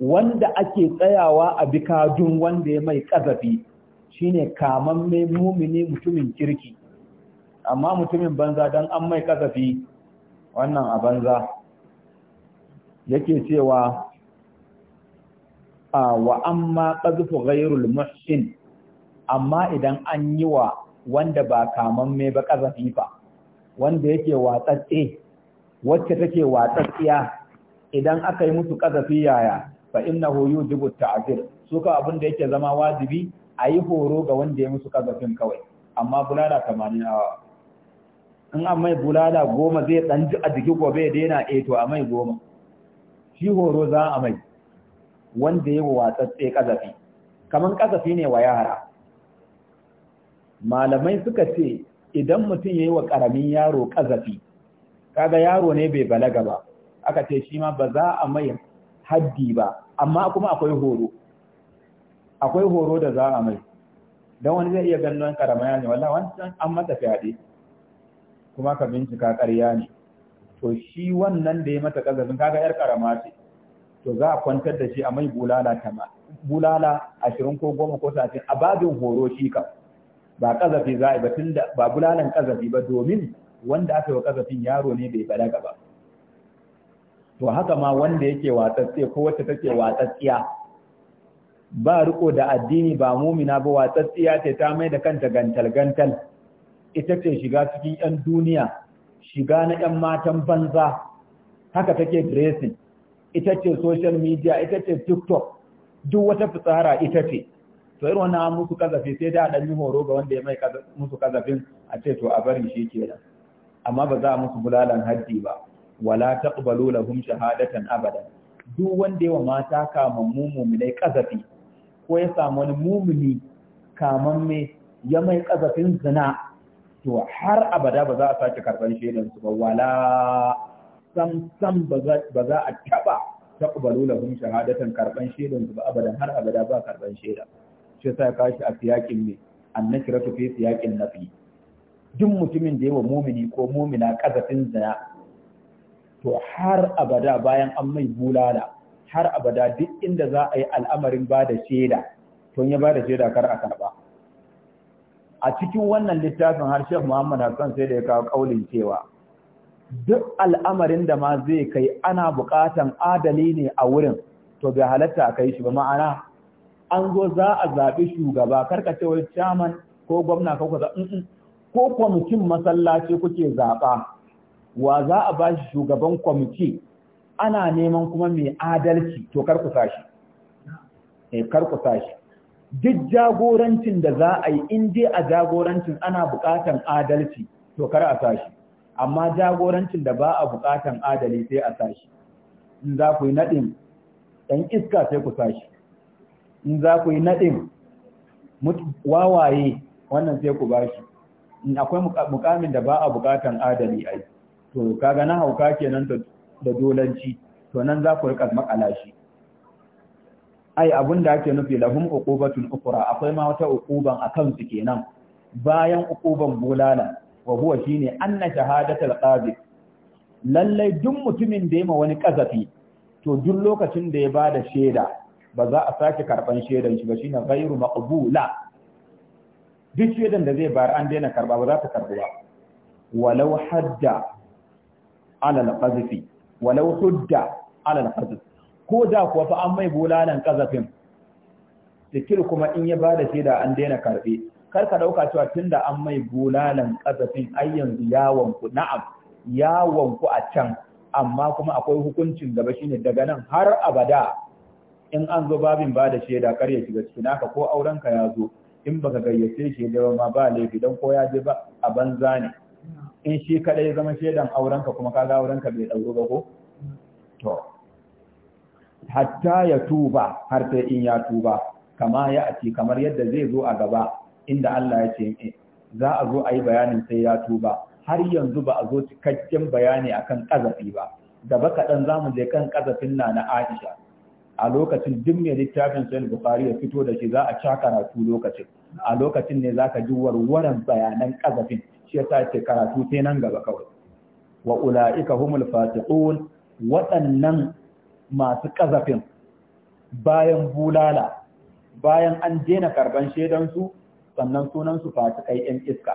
wanda ake tsayawa a bikajun wanda ya mai kazafi shine mai mumini mutumin kirki amma mutumin banza dan an mai kasafi wannan a banza yake cewa wa amma qazfu ghayrul muhsin amma idan an yi wa wanda ba mai ba kasafi fa wanda yake watsatse wacce take watsatsiya idan aka yi musu kasafi yaya fa innahu yujibu ta'zir suka abin da yake zama wajibi a yi horo ga wanda ya musu kazafin kawai amma bulala tamanin awa, in an mai bulala goma zai dan ji a jiki gobe ya daina eto eh a mai goma shi horo za a mai wanda ya watsatse kazafi kaman kazafi ne wa yara malamai suka ce idan mutum ya yi wa ƙaramin yaro kazafi kaga yaro ne bai balaga ba aka ce shi ma ba za a mai haddi ba amma kuma akwai horo akwai horo da za a mai don wani zai iya ganin ya ne wallah wancan an mata fyaɗe kuma ka bincika ƙarya ne to shi wannan da ya mata ƙazazin kaga yar karama ce to za a kwantar da shi a mai bulala tama bulala ashirin ko goma ko satin a babin horo shi kam ba ƙazafi za a yi ba tun da ba bulalan ƙazafi ba domin wanda aka yi wa kazafin yaro ne bai balaga ba to haka ma wanda yake watsatse ko wacce take watsatsiya ba riko da addini ba mumina ba watsatsiya ce ta mai da kanta gantal-gantal ita ce shiga cikin 'yan duniya shiga na 'yan matan banza haka take dressing ita ce social media ita ce tiktok duk wata fitsara ita ce to irin wannan musu kazafi sai da dan yi horo ga wanda ya mai musu kazafin a ce to a bari shi kenan amma ba za a musu bulalan haddi ba wala taqbalu lahum shahadatan abada duk wanda wa mata kamammu muminai kazafi ko ya samu wani mumuni me ya mai kazafin zina to har abada ba za a sake karban shaidan su ba wala sam sam ba za a taba kubalu lahum shahadatan karban shaidan su ba abadan har abada ba karban shaida shi yasa ka shi a siyakin ne annakiratu fi siyakin nafi duk mutumin da yawa mumini ko mumina kazafin zina to har abada bayan an mai bulala har abada duk inda za a yi al'amarin ba da shaida tun ya ba da shaida kar a karba a cikin wannan littafin har Sheikh Muhammad Hassan sai da ya kawo kaulin cewa duk al'amarin da ma zai kai ana buƙatan adali ne a wurin to bai halatta kai shi ba ma'ana an zo za a zaɓi shugaba karkace wai chairman ko gwamna ko kaza ko kwamitin masallaci kuke zaɓa wa za a ba shi shugaban kwamiti ana neman kuma mai adalci to kar ku sashi eh sashi duk jagorancin da za a yi in dai a jagorancin ana buƙatan adalci to kar a sashi amma jagorancin da ba a buƙatan adali sai a sashi in za ku yi naɗin ɗan iska sai ku sashi in za ku yi naɗin wawaye wannan sai ku bashi in akwai mukamin da ba a buƙatan adali ai to kaga na hauka kenan to da dolanci to nan za ku rika makala shi ai abin da ake nufi lahum uqubatun ukra akwai ma wata uquban akan su kenan bayan uquban bulala wa huwa shine anna shahadatul qadi lalle duk mutumin da ma wani kazafi to duk lokacin da ya bada sheda ba za a sake karban shedan shi ba shine ghairu maqbula duk shedan da zai bayar an daina karba ba za ta karbu ba walau hadda ala al walau hudda alal hadu ko da kuwa fa an mai bulalan kazafin sikir kuma in ya bada shaida an daina karbe kar ka dauka cewa tunda an mai bulalan kazafin ai yanzu yawon ku na'am yawon ku a can amma kuma akwai hukuncin gaba shine daga nan har abada in an zo babin ba da shaida kar ya shiga cikin haka ko aurenka ya zo in baka gayyace shi da ma ba laifi dan ko ya je ba a banza ne in shi kadai ya zama shaidan aurenka kuma kaga aurenka bai dauro ba ko to hatta ya tuba har sai in ya tuba kama ya ati kamar yadda zai zo a gaba inda Allah ya ce eh, za a zo a yi bayanin sai ya tuba har yanzu ba a zo cikakken bayani akan kazafi ba gaba kaɗan za mu je kan kazafin na na Aisha a lokacin duk mai littafin sai Bukhari ya fito da shi za a ca karatu lokacin a lokacin ne zaka ji warwaran bayanan ƙazafin. shi yasa ce karatu sai nan gaba kawai wa ula'ika humul fatiqun waɗannan masu kazafin bayan bulala bayan an jena karban su sannan sunansu fasikai yan iska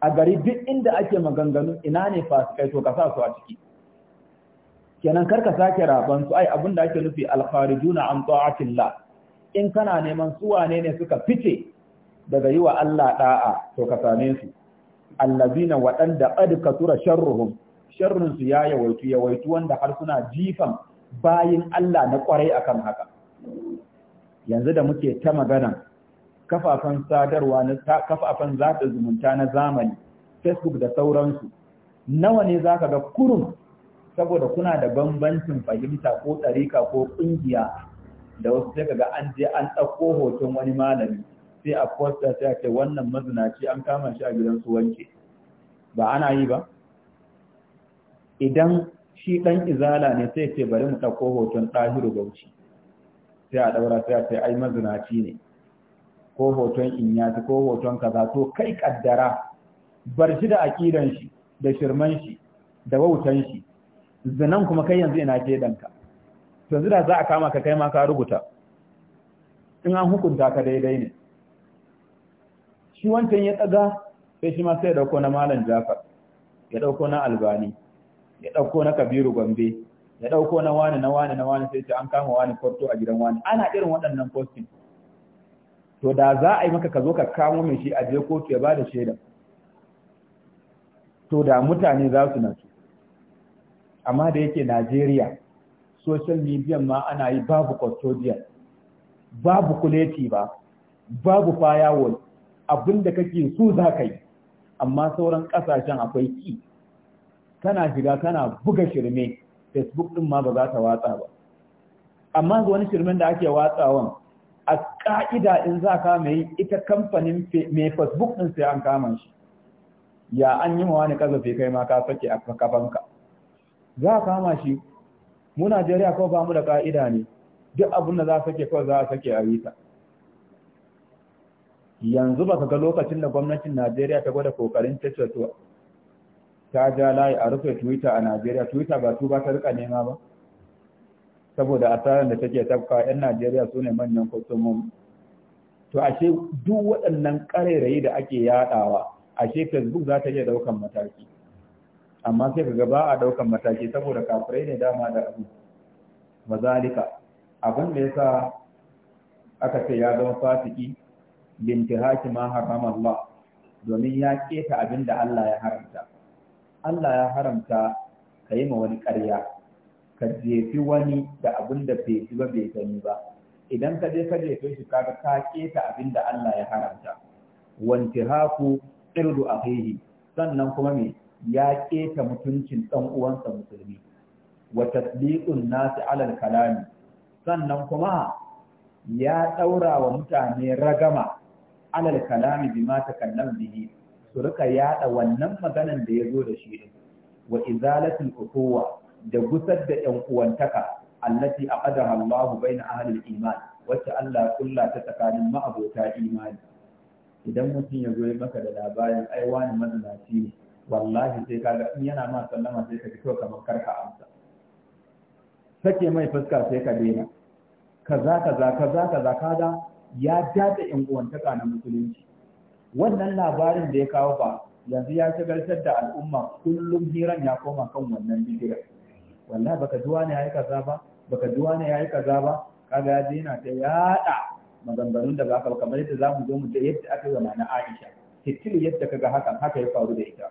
a gari duk inda ake maganganu ina ne fasikai to ka sa su a ciki kenan karka sake raban su ai abin da ake nufi juna an ta'atillah in kana neman su wane ne suka fice daga yi wa Allah da'a to ka same su allazina waɗanda qad katura sharruhum sharrun su ya yawaitu yawaitu wanda har suna jifan bayin Allah na kwarai akan haka yanzu da muke ta magana kafafen sadarwa na kafafen zata zumunta na zamani Facebook da sauransu nawa ne zaka ga kurum saboda kuna da bambancin fahimta ko tsarika ko kungiya da wasu sai kaga an je an ɗauko hoton wani malami sai a posta sai a ce wannan mazinaci an kama shi a gidan su wanke ba ana yi ba idan shi dan izala ne sai ce bari mu ɗauko hoton ɗahiru bauchi sai a ɗaura sai a ce ai mazinaci ne ko hoton inyati ko hoton kaza to kai kaddara bar shi da aƙidan shi da shirman shi da wautan shi zanan kuma kai yanzu ina ke danka yanzu da za a kama ka kai ma ka rubuta in an hukunta ka daidai ne shi wancan ya tsaga sai shi ma sai ya dauko na malam jafar ya dauko na albani ya dauko na kabiru gombe ya dauko na wani na wani na wani sai ce an kama wani kwarto a gidan wani ana irin waɗannan posting to da za a yi maka ka zo ka kamo mai shi a je kotu ya bada shaida to da mutane za su nasu amma da yake Najeriya social media ma ana yi babu custodian babu kuleti ba babu firewall abin da kake so za ka yi amma sauran ƙasashen akwai ƙi kana shiga kana buga shirme facebook ɗin ma ba za ta watsa ba amma wani shirmen da ake watsawan a ƙa'ida in za ka mai ita kamfanin mai facebook ɗin sai an kama shi ya an yi mawa kazafe kai ma ka sake a kafanka za a kama shi mu najeriya kawai ba mu da ƙa'ida ne duk abin da za a sake kawai za a sake a yi ta yanzu baka ga lokacin da gwamnatin Najeriya ta gwada kokarin tace to ta ja layi a rufe Twitter a Najeriya Twitter ba tuba ta rika nema ba saboda asarar da take tafka yan Najeriya sune manyan kwastomomi to ashe duk waɗannan ƙarairayi da ake yadawa ashe Facebook za ta iya daukan mataki amma sai kaga ba a daukan mataki saboda kafirai ne dama da abu mazalika abin da yasa aka ce ya zama fasiki lintihaki ma harama Allah domin ya keta abin da Allah ya haramta Allah ya haramta ka yi ma wani ƙarya ka jefi wani da abin da bai ji ba bai gani ba idan ka je ka jefe shi kaga ka keta abin da Allah ya haramta wantihaku irdu akhihi sannan kuma me ya keta mutuncin dan uwansa musulmi wa tasdiqun nasi alal kalami sannan kuma ya daura wa mutane ragama alal kalami bima takallam bihi su rika yada wannan maganan da ya zo da shi din wa izalatul uquwa da gusar da yan uwantaka allati aqadaha Allah baina ahli iman wacce Allah kulla ta tsakanin ma'abota imani idan mutum ya zo maka da labarin ai wani mazalaci ne wallahi sai kaga in yana ma sallama sai ka fito kamar karka amsa sake mai fuska sai ka daina kaza kaza kaza kaza kaza ya dace yan uwantaka na musulunci wannan labarin da ya kawo ba yanzu ya shagaltar da al'umma kullum hiran ya koma kan wannan bidiyo wallahi baka ji wani yayi kaza ba baka ji wani yayi kaza ba kaga ya yana ta yada maganganun da baka kamar yadda zamu zo mu ga yadda aka yi wa na Aisha titil yadda kaga hakan haka ya faru da ita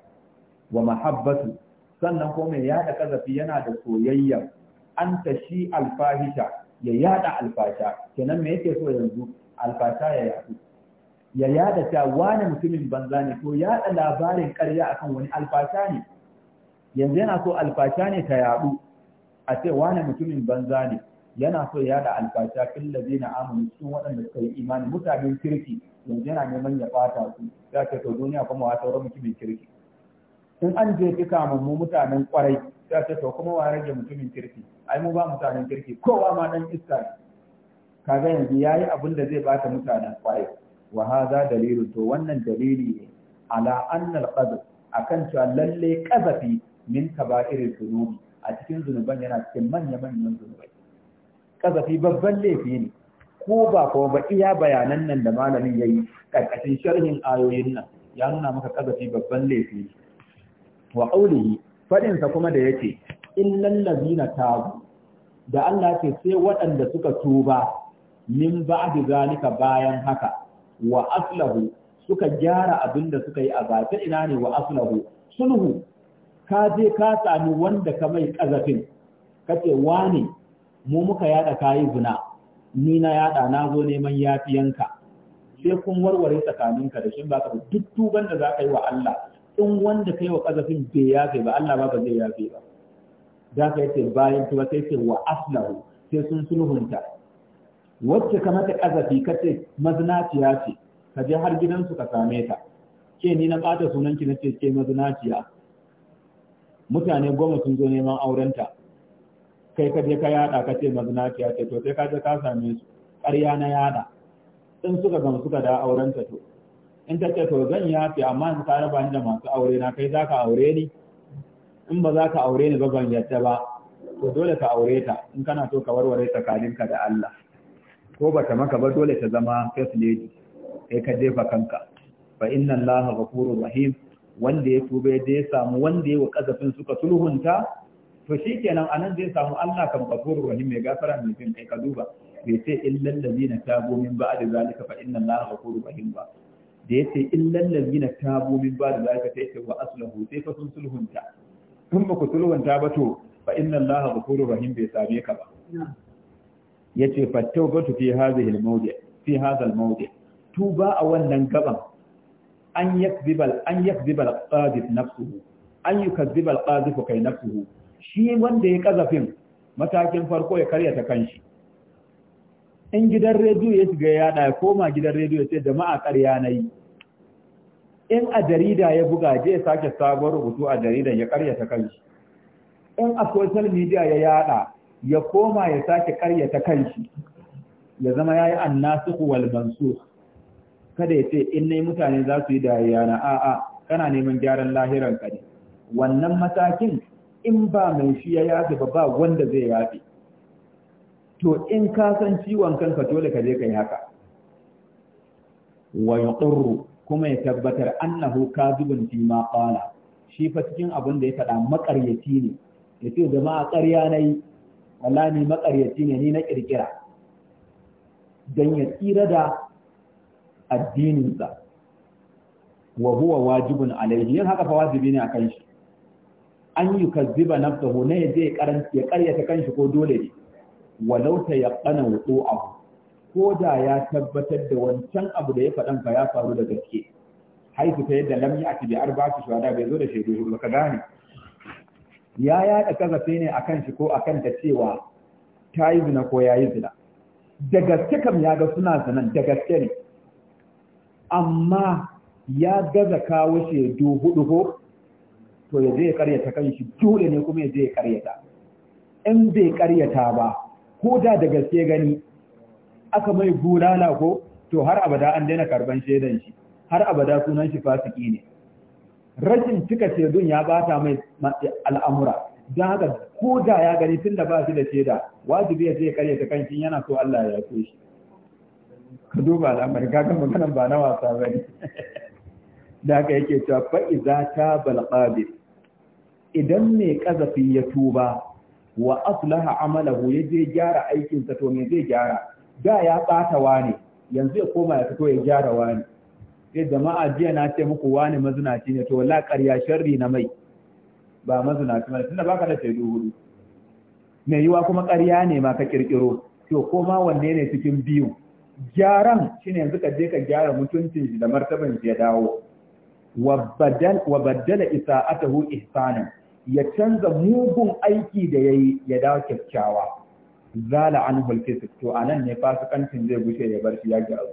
wa mahabbatu sannan ko mai yada kazafi yana da soyayya an ta shi alfahisha ya yada alfasha kenan me yake so yanzu alfata ya yaɗu ya yaɗa ta wani mutumin banza ne ko yaɗa labarin ƙarya akan wani alfata ne yanzu yana so alfata ne ta yaɗu a ce wani mutumin banza ne yana so ya da alfasha fil na amanu cikin waɗanda suka yi imani mutanen kirki yanzu yana neman ya fata su ya ce to duniya kuma wa sauran mutumin kirki in an je kika mu mutanen kwarai ya ce to kuma wa rage mutumin kirki ai mu ba mutanen kirki kowa ma dan iska kaga yanzu ya yi abin da zai bata mutanen kwaye wa hadha dalilu? to wannan dalili ne ala annal al akan cewa lalle qazafi min kaba'ir dhunubi a cikin zunuban yana cikin manya manyan zunubai qazafi babban laifi ne ko ba ko ba iya bayanan nan da malamin yayi karkashin sharhin ayoyin nan ya nuna maka qazafi babban laifi ne wa qawlihi fadin sa kuma da yace illal ladina tabu da Allah ce sai waɗanda suka tuba min ba'da zalika bayan haka wa aslahu suka gyara abinda suka yi a bata ina ne wa aslahu sulhu ka je ka sami wanda ka mai kazafin kace wani mu muka yada kayi guna ni na yada na zo neman yafiyanka sai kun warware tsakaninka da shin baka duk tuban da zaka yi wa Allah in wanda kai wa kazafin bai yafe ba Allah ba zai yafe ba da ka yace bayan tuba sai ce wa aslahu sai sun sulhunta wacce ka mata ƙazafi ka ce mazinaciya ce ka je har gidansu ka same ta ke ni na bata ki na ce ke mazinaciya mutane goma sun zo neman aurenta kai ka je ka yada ka ce mazinaciya ce to sai ka je ka same su ƙarya na yada in suka gamsu ka da aurenta to in ta ce to zan yafe amma in ka raba ni da masu aure na kai za ka aure ni in ba za ka aure ni ba ban yadda ba to dole ka aure ta in kana so ka warware tsakaninka da Allah ko ba ta maka ba dole ta zama first lady kai ka jefa kanka fa inna allaha ghafurur rahim wanda ya tuba da ya samu wanda ya wa kazafin suka sulhunta to shikenan anan zai samu Allah kan ghafurur rahim mai gafara mai jin kai ka duba bai ce illal ladina tabu min ba'da zalika fa inna allaha ghafurur rahim ba da ya ce illal ladina tabu min ba'da zalika sai ce wa aslahu sai fa sun sulhunta kun ba ku sulhunta ba to fa inna allaha ghafurur rahim bai same ka ba yace ce, fi hadhihi al-mawdi' fi hadha al-mawdi' tuba a wannan gaban an yi an yakdhibal qadif nafsuhu an yukadhibal qadif kai nafsuhu shi wanda ya kazafin matakin farko ya ta kanshi in gidan rediyo ya shiga ya da koma gidan rediyo sai jama'a ƙarya nayi in a jarida ya buga je sake sabon rubutu a jaridan ya ta kanshi in a social media ya yaɗa. ya koma ya sake karyata kanshi ya zama yayi annasuhu wal mansukh kada ya ce in ne mutane za su yi dariya na a'a kana neman gyaran lahiran ka wannan matakin in ba mai shi ya yafi ba ba wanda zai yafi to in ka san ciwon kanka dole ka je kai haka wa yuqirru kuma ya tabbatar annahu kadibun fi ma qala shi fa cikin abin da ya faɗa makaryaci ne yace jama'a ƙarya nayi wallahi ni makaryaci ne ni na kirkira dan ya tsira da addininsa wa huwa wajibun alaihi yin haka fa wajibi ne akan shi an yi kazziba na ne ya je ya karyata kanshi ko dole ne walau ta yaqana abu ko da ya tabbatar da wancan abu da ya faɗan ka ya faru da gaske haifu ta yadda lam ya'ti bi su shuhada bai zo da shaidu ba ka gane ya yaɗa kazafe ne kan shi ko kan ta cewa ta yi zina ko ya yi zina da gaske kam ya ga suna zanen da gaske ne amma ya gaza kawo shaidu hudu ko to ya je karyata kan shi dole ne kuma ya je ya karyata in bai karyata ba ko da da gaske gani aka mai bulala ko to har abada an daina karban shaidan shi har abada sunan shi fasiki ne rashin cika shaidun ya bata mai al'amura don haka ko da ya gani tun da ba shi da shaida wajibi ya ce karya ta kankin yana so Allah ya yafe shi ka duba al'amari kaga maganan ba na wasa ba ne. [laughs] da haka yake cewa fa iza ta balqabi idan mai kazafi ya tuba wa aslaha amalahu ya je gyara aikinsa to me zai gyara da ya bata wani yanzu ya koma ya fito ya gyara wani sai jama'a jiya na ce muku wani mazinaci ne to wala ƙarya sharri na mai ba mazinaci ba tunda baka da shaidu hudu mai yiwa kuma ƙarya ne ma ka kirkiro to ko ma wanne ne cikin biyu gyaran shine yanzu ka je ka gyara mutuncin shi da martaban shi ya dawo wa badal wa badala isa'atahu ihsanan ya canza mugun aiki da yayi ya dawo kyakkyawa zala anhu al to anan ne fasikancin zai gushe ya bar shi ya gyaru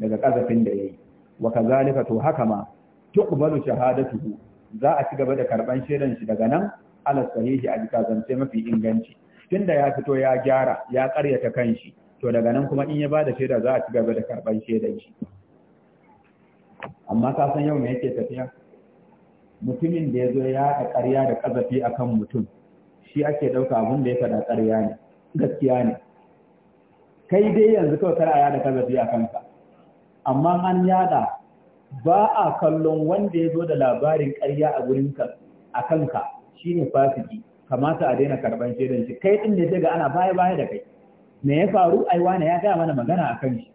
daga kazafin da yayi wa kazalika to haka ma tuqbalu shahadatuhu za a ci gaba da karban shaidan shi daga nan ala sahihi a bisa zance mafi inganci tunda ya fito ya gyara ya karyata kanshi to daga nan kuma in ya bada shaida za a ci gaba da karban shaidan shi amma ka san yau me yake tafiya mutumin da ya zo ya haɗa ƙarya da ƙazafi akan mutum shi ake ɗauka abun da ya faɗa ƙarya ne gaskiya ne kai dai yanzu kawai kana ya da kazafi a kanka amma an yada ba a kallon wanda ya zo da labarin ƙarya a gurinka a kanka shine fasiki kamata a daina karban shaidan shi kai din ne daga ana baya baya da kai me ya faru ai wani ya gaya mana magana a kan shi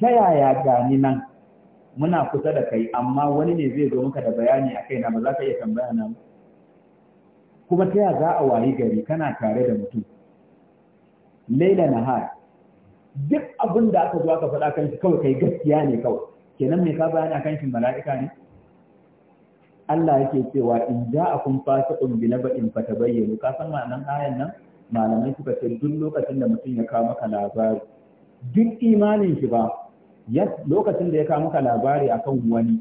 ta yaya gani nan muna kusa da kai amma wani ne zai zo maka da bayani a kaina ba za ka iya tambaya na kuma ta yaya za a wayi gari kana tare da mutum laila nahar duk abin da aka zo aka faɗa kan shi kawai kai gaskiya ne kawai kenan me ka bayani akan shi mala'ika ne Allah yake cewa in ja'akum fasiqun bi naba'in fatabayyanu ka san ma'anan ayan nan malamai suka ce duk lokacin da mutum ya kawo maka labari duk imanin shi ba lokacin da ya kawo maka labari akan wani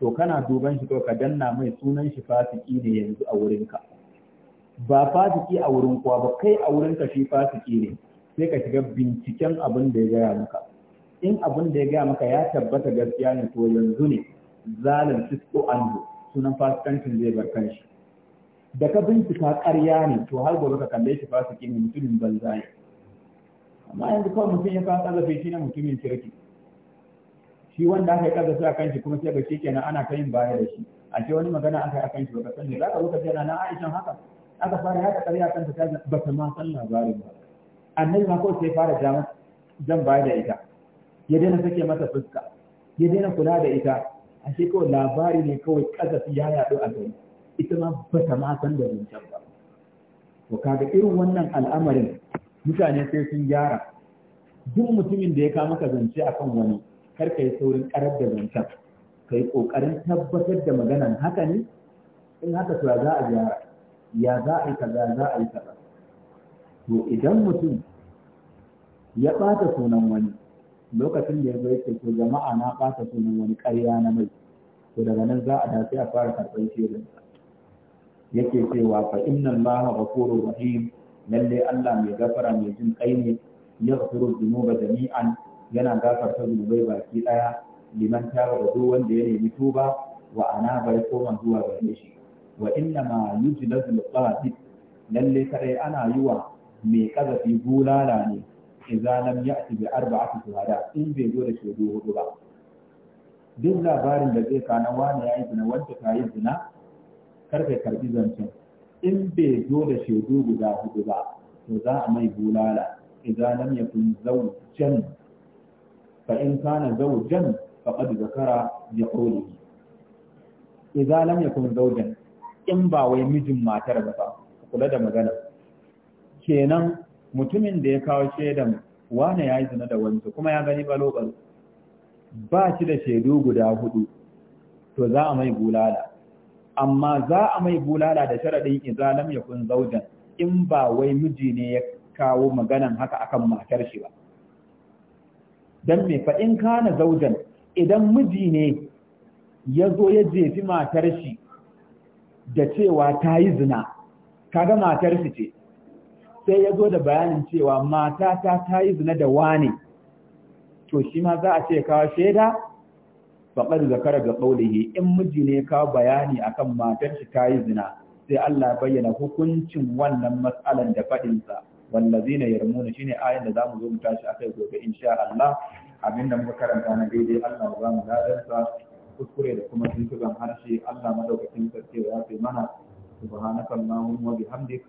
to kana duban shi to ka danna mai sunan shi fasiki ne yanzu a wurinka ba fasiki a wurin kowa ba kai a wurinka shi fasiki ne sai ka shiga binciken abin da ya gaya maka in abin da ya gaya maka ya tabbata gaskiya ne to yanzu ne zalim cisco anhu sunan fasikancin zai bar kanshi da ka bincika ƙarya ne to har gobe ka kalle shi fasiki ne mutumin banza ne amma yanzu kawai mutum ya fasa zafi shi ne mutumin kirki shi wanda aka yi kaza su a kanshi kuma sai ga shi kenan ana ta yin baya da shi a ce wani magana aka yi a kanshi baka sani za ka zo ka ce na Aisha haka aka fara yaɗa ƙarya kanta ta ba ta ma san labarin ba annabi ma kawai sai fara ja zan ba da ita ya daina sake masa fuska ya daina kula da ita a ashe kawai labari ne kawai kazafi ya yaɗo a gari ita ma ba ta ma san da zancen ba to kaga irin wannan al'amarin mutane sai sun gyara duk mutumin da ya kama ka zance akan wani kar ka yi saurin karar da zancen ka yi kokarin tabbatar da maganan haka ne in haka to za a gyara ya za a yi kaza za a yi kaza to idan mutum ya ɓata sunan wani lokacin da ya zo yake ko jama'a na ɓata sunan wani ƙarya na mai to daga nan za a dace a fara karɓar shirin yake cewa fa inna allaha ghafurur rahim lalle Allah mai gafara mai jin kai ne yaghfiru dhunuba jami'an yana gafarta zunubai baki daya liman taba da duk wanda ya nemi tuba wa ana bai koma zuwa gare shi wa inna ma yujlazul qadid lalle kare ana yiwa mai kazafi bulala ne idza ya ya'ti bi arba'ati shuhada in bai zo da shaidu hudu ba duk labarin da zai kana wani ya yi zina wanda ta yi zina kar karfi karbi zancen in bai zo da shaidu guda hudu ba to za a mai bulala ya lam zau jan fa in kana fa kad zakara bi qawlihi idza ya yakun zawjan in ba wai mijin matar ba kula da magana kenan mutumin da ya kawo shaidan wane ya yi zina da wancan kuma ya gani balobar ba shi da shaidu guda hudu to za a mai bulala amma za a mai bulala da sharaɗin izalam ya kun zaujan in ba wai miji ne ya kawo maganan haka akan matar shi ba dan me fa in kana zaujan idan miji ne ya zo ya jefi matar shi da cewa ta yi zina kaga matar shi ce sai ya zo da bayanin cewa matata ta yi zina da wane to shi ma za a ce kawo shaida faƙar zakara ga ƙaulihi in miji ne kawo bayani akan matar shi ta yi zina sai Allah bayyana hukuncin wannan matsalan da faɗinsa wallazi yarmuna shine ayin da za zo mu tashi akai gobe insha Allah da muka karanta na daidai Allah ba mu dadarsa kuskure da kuma tuntuban harshe Allah madaukakin sarki ya fi mana subhanakallahumma wa bihamdika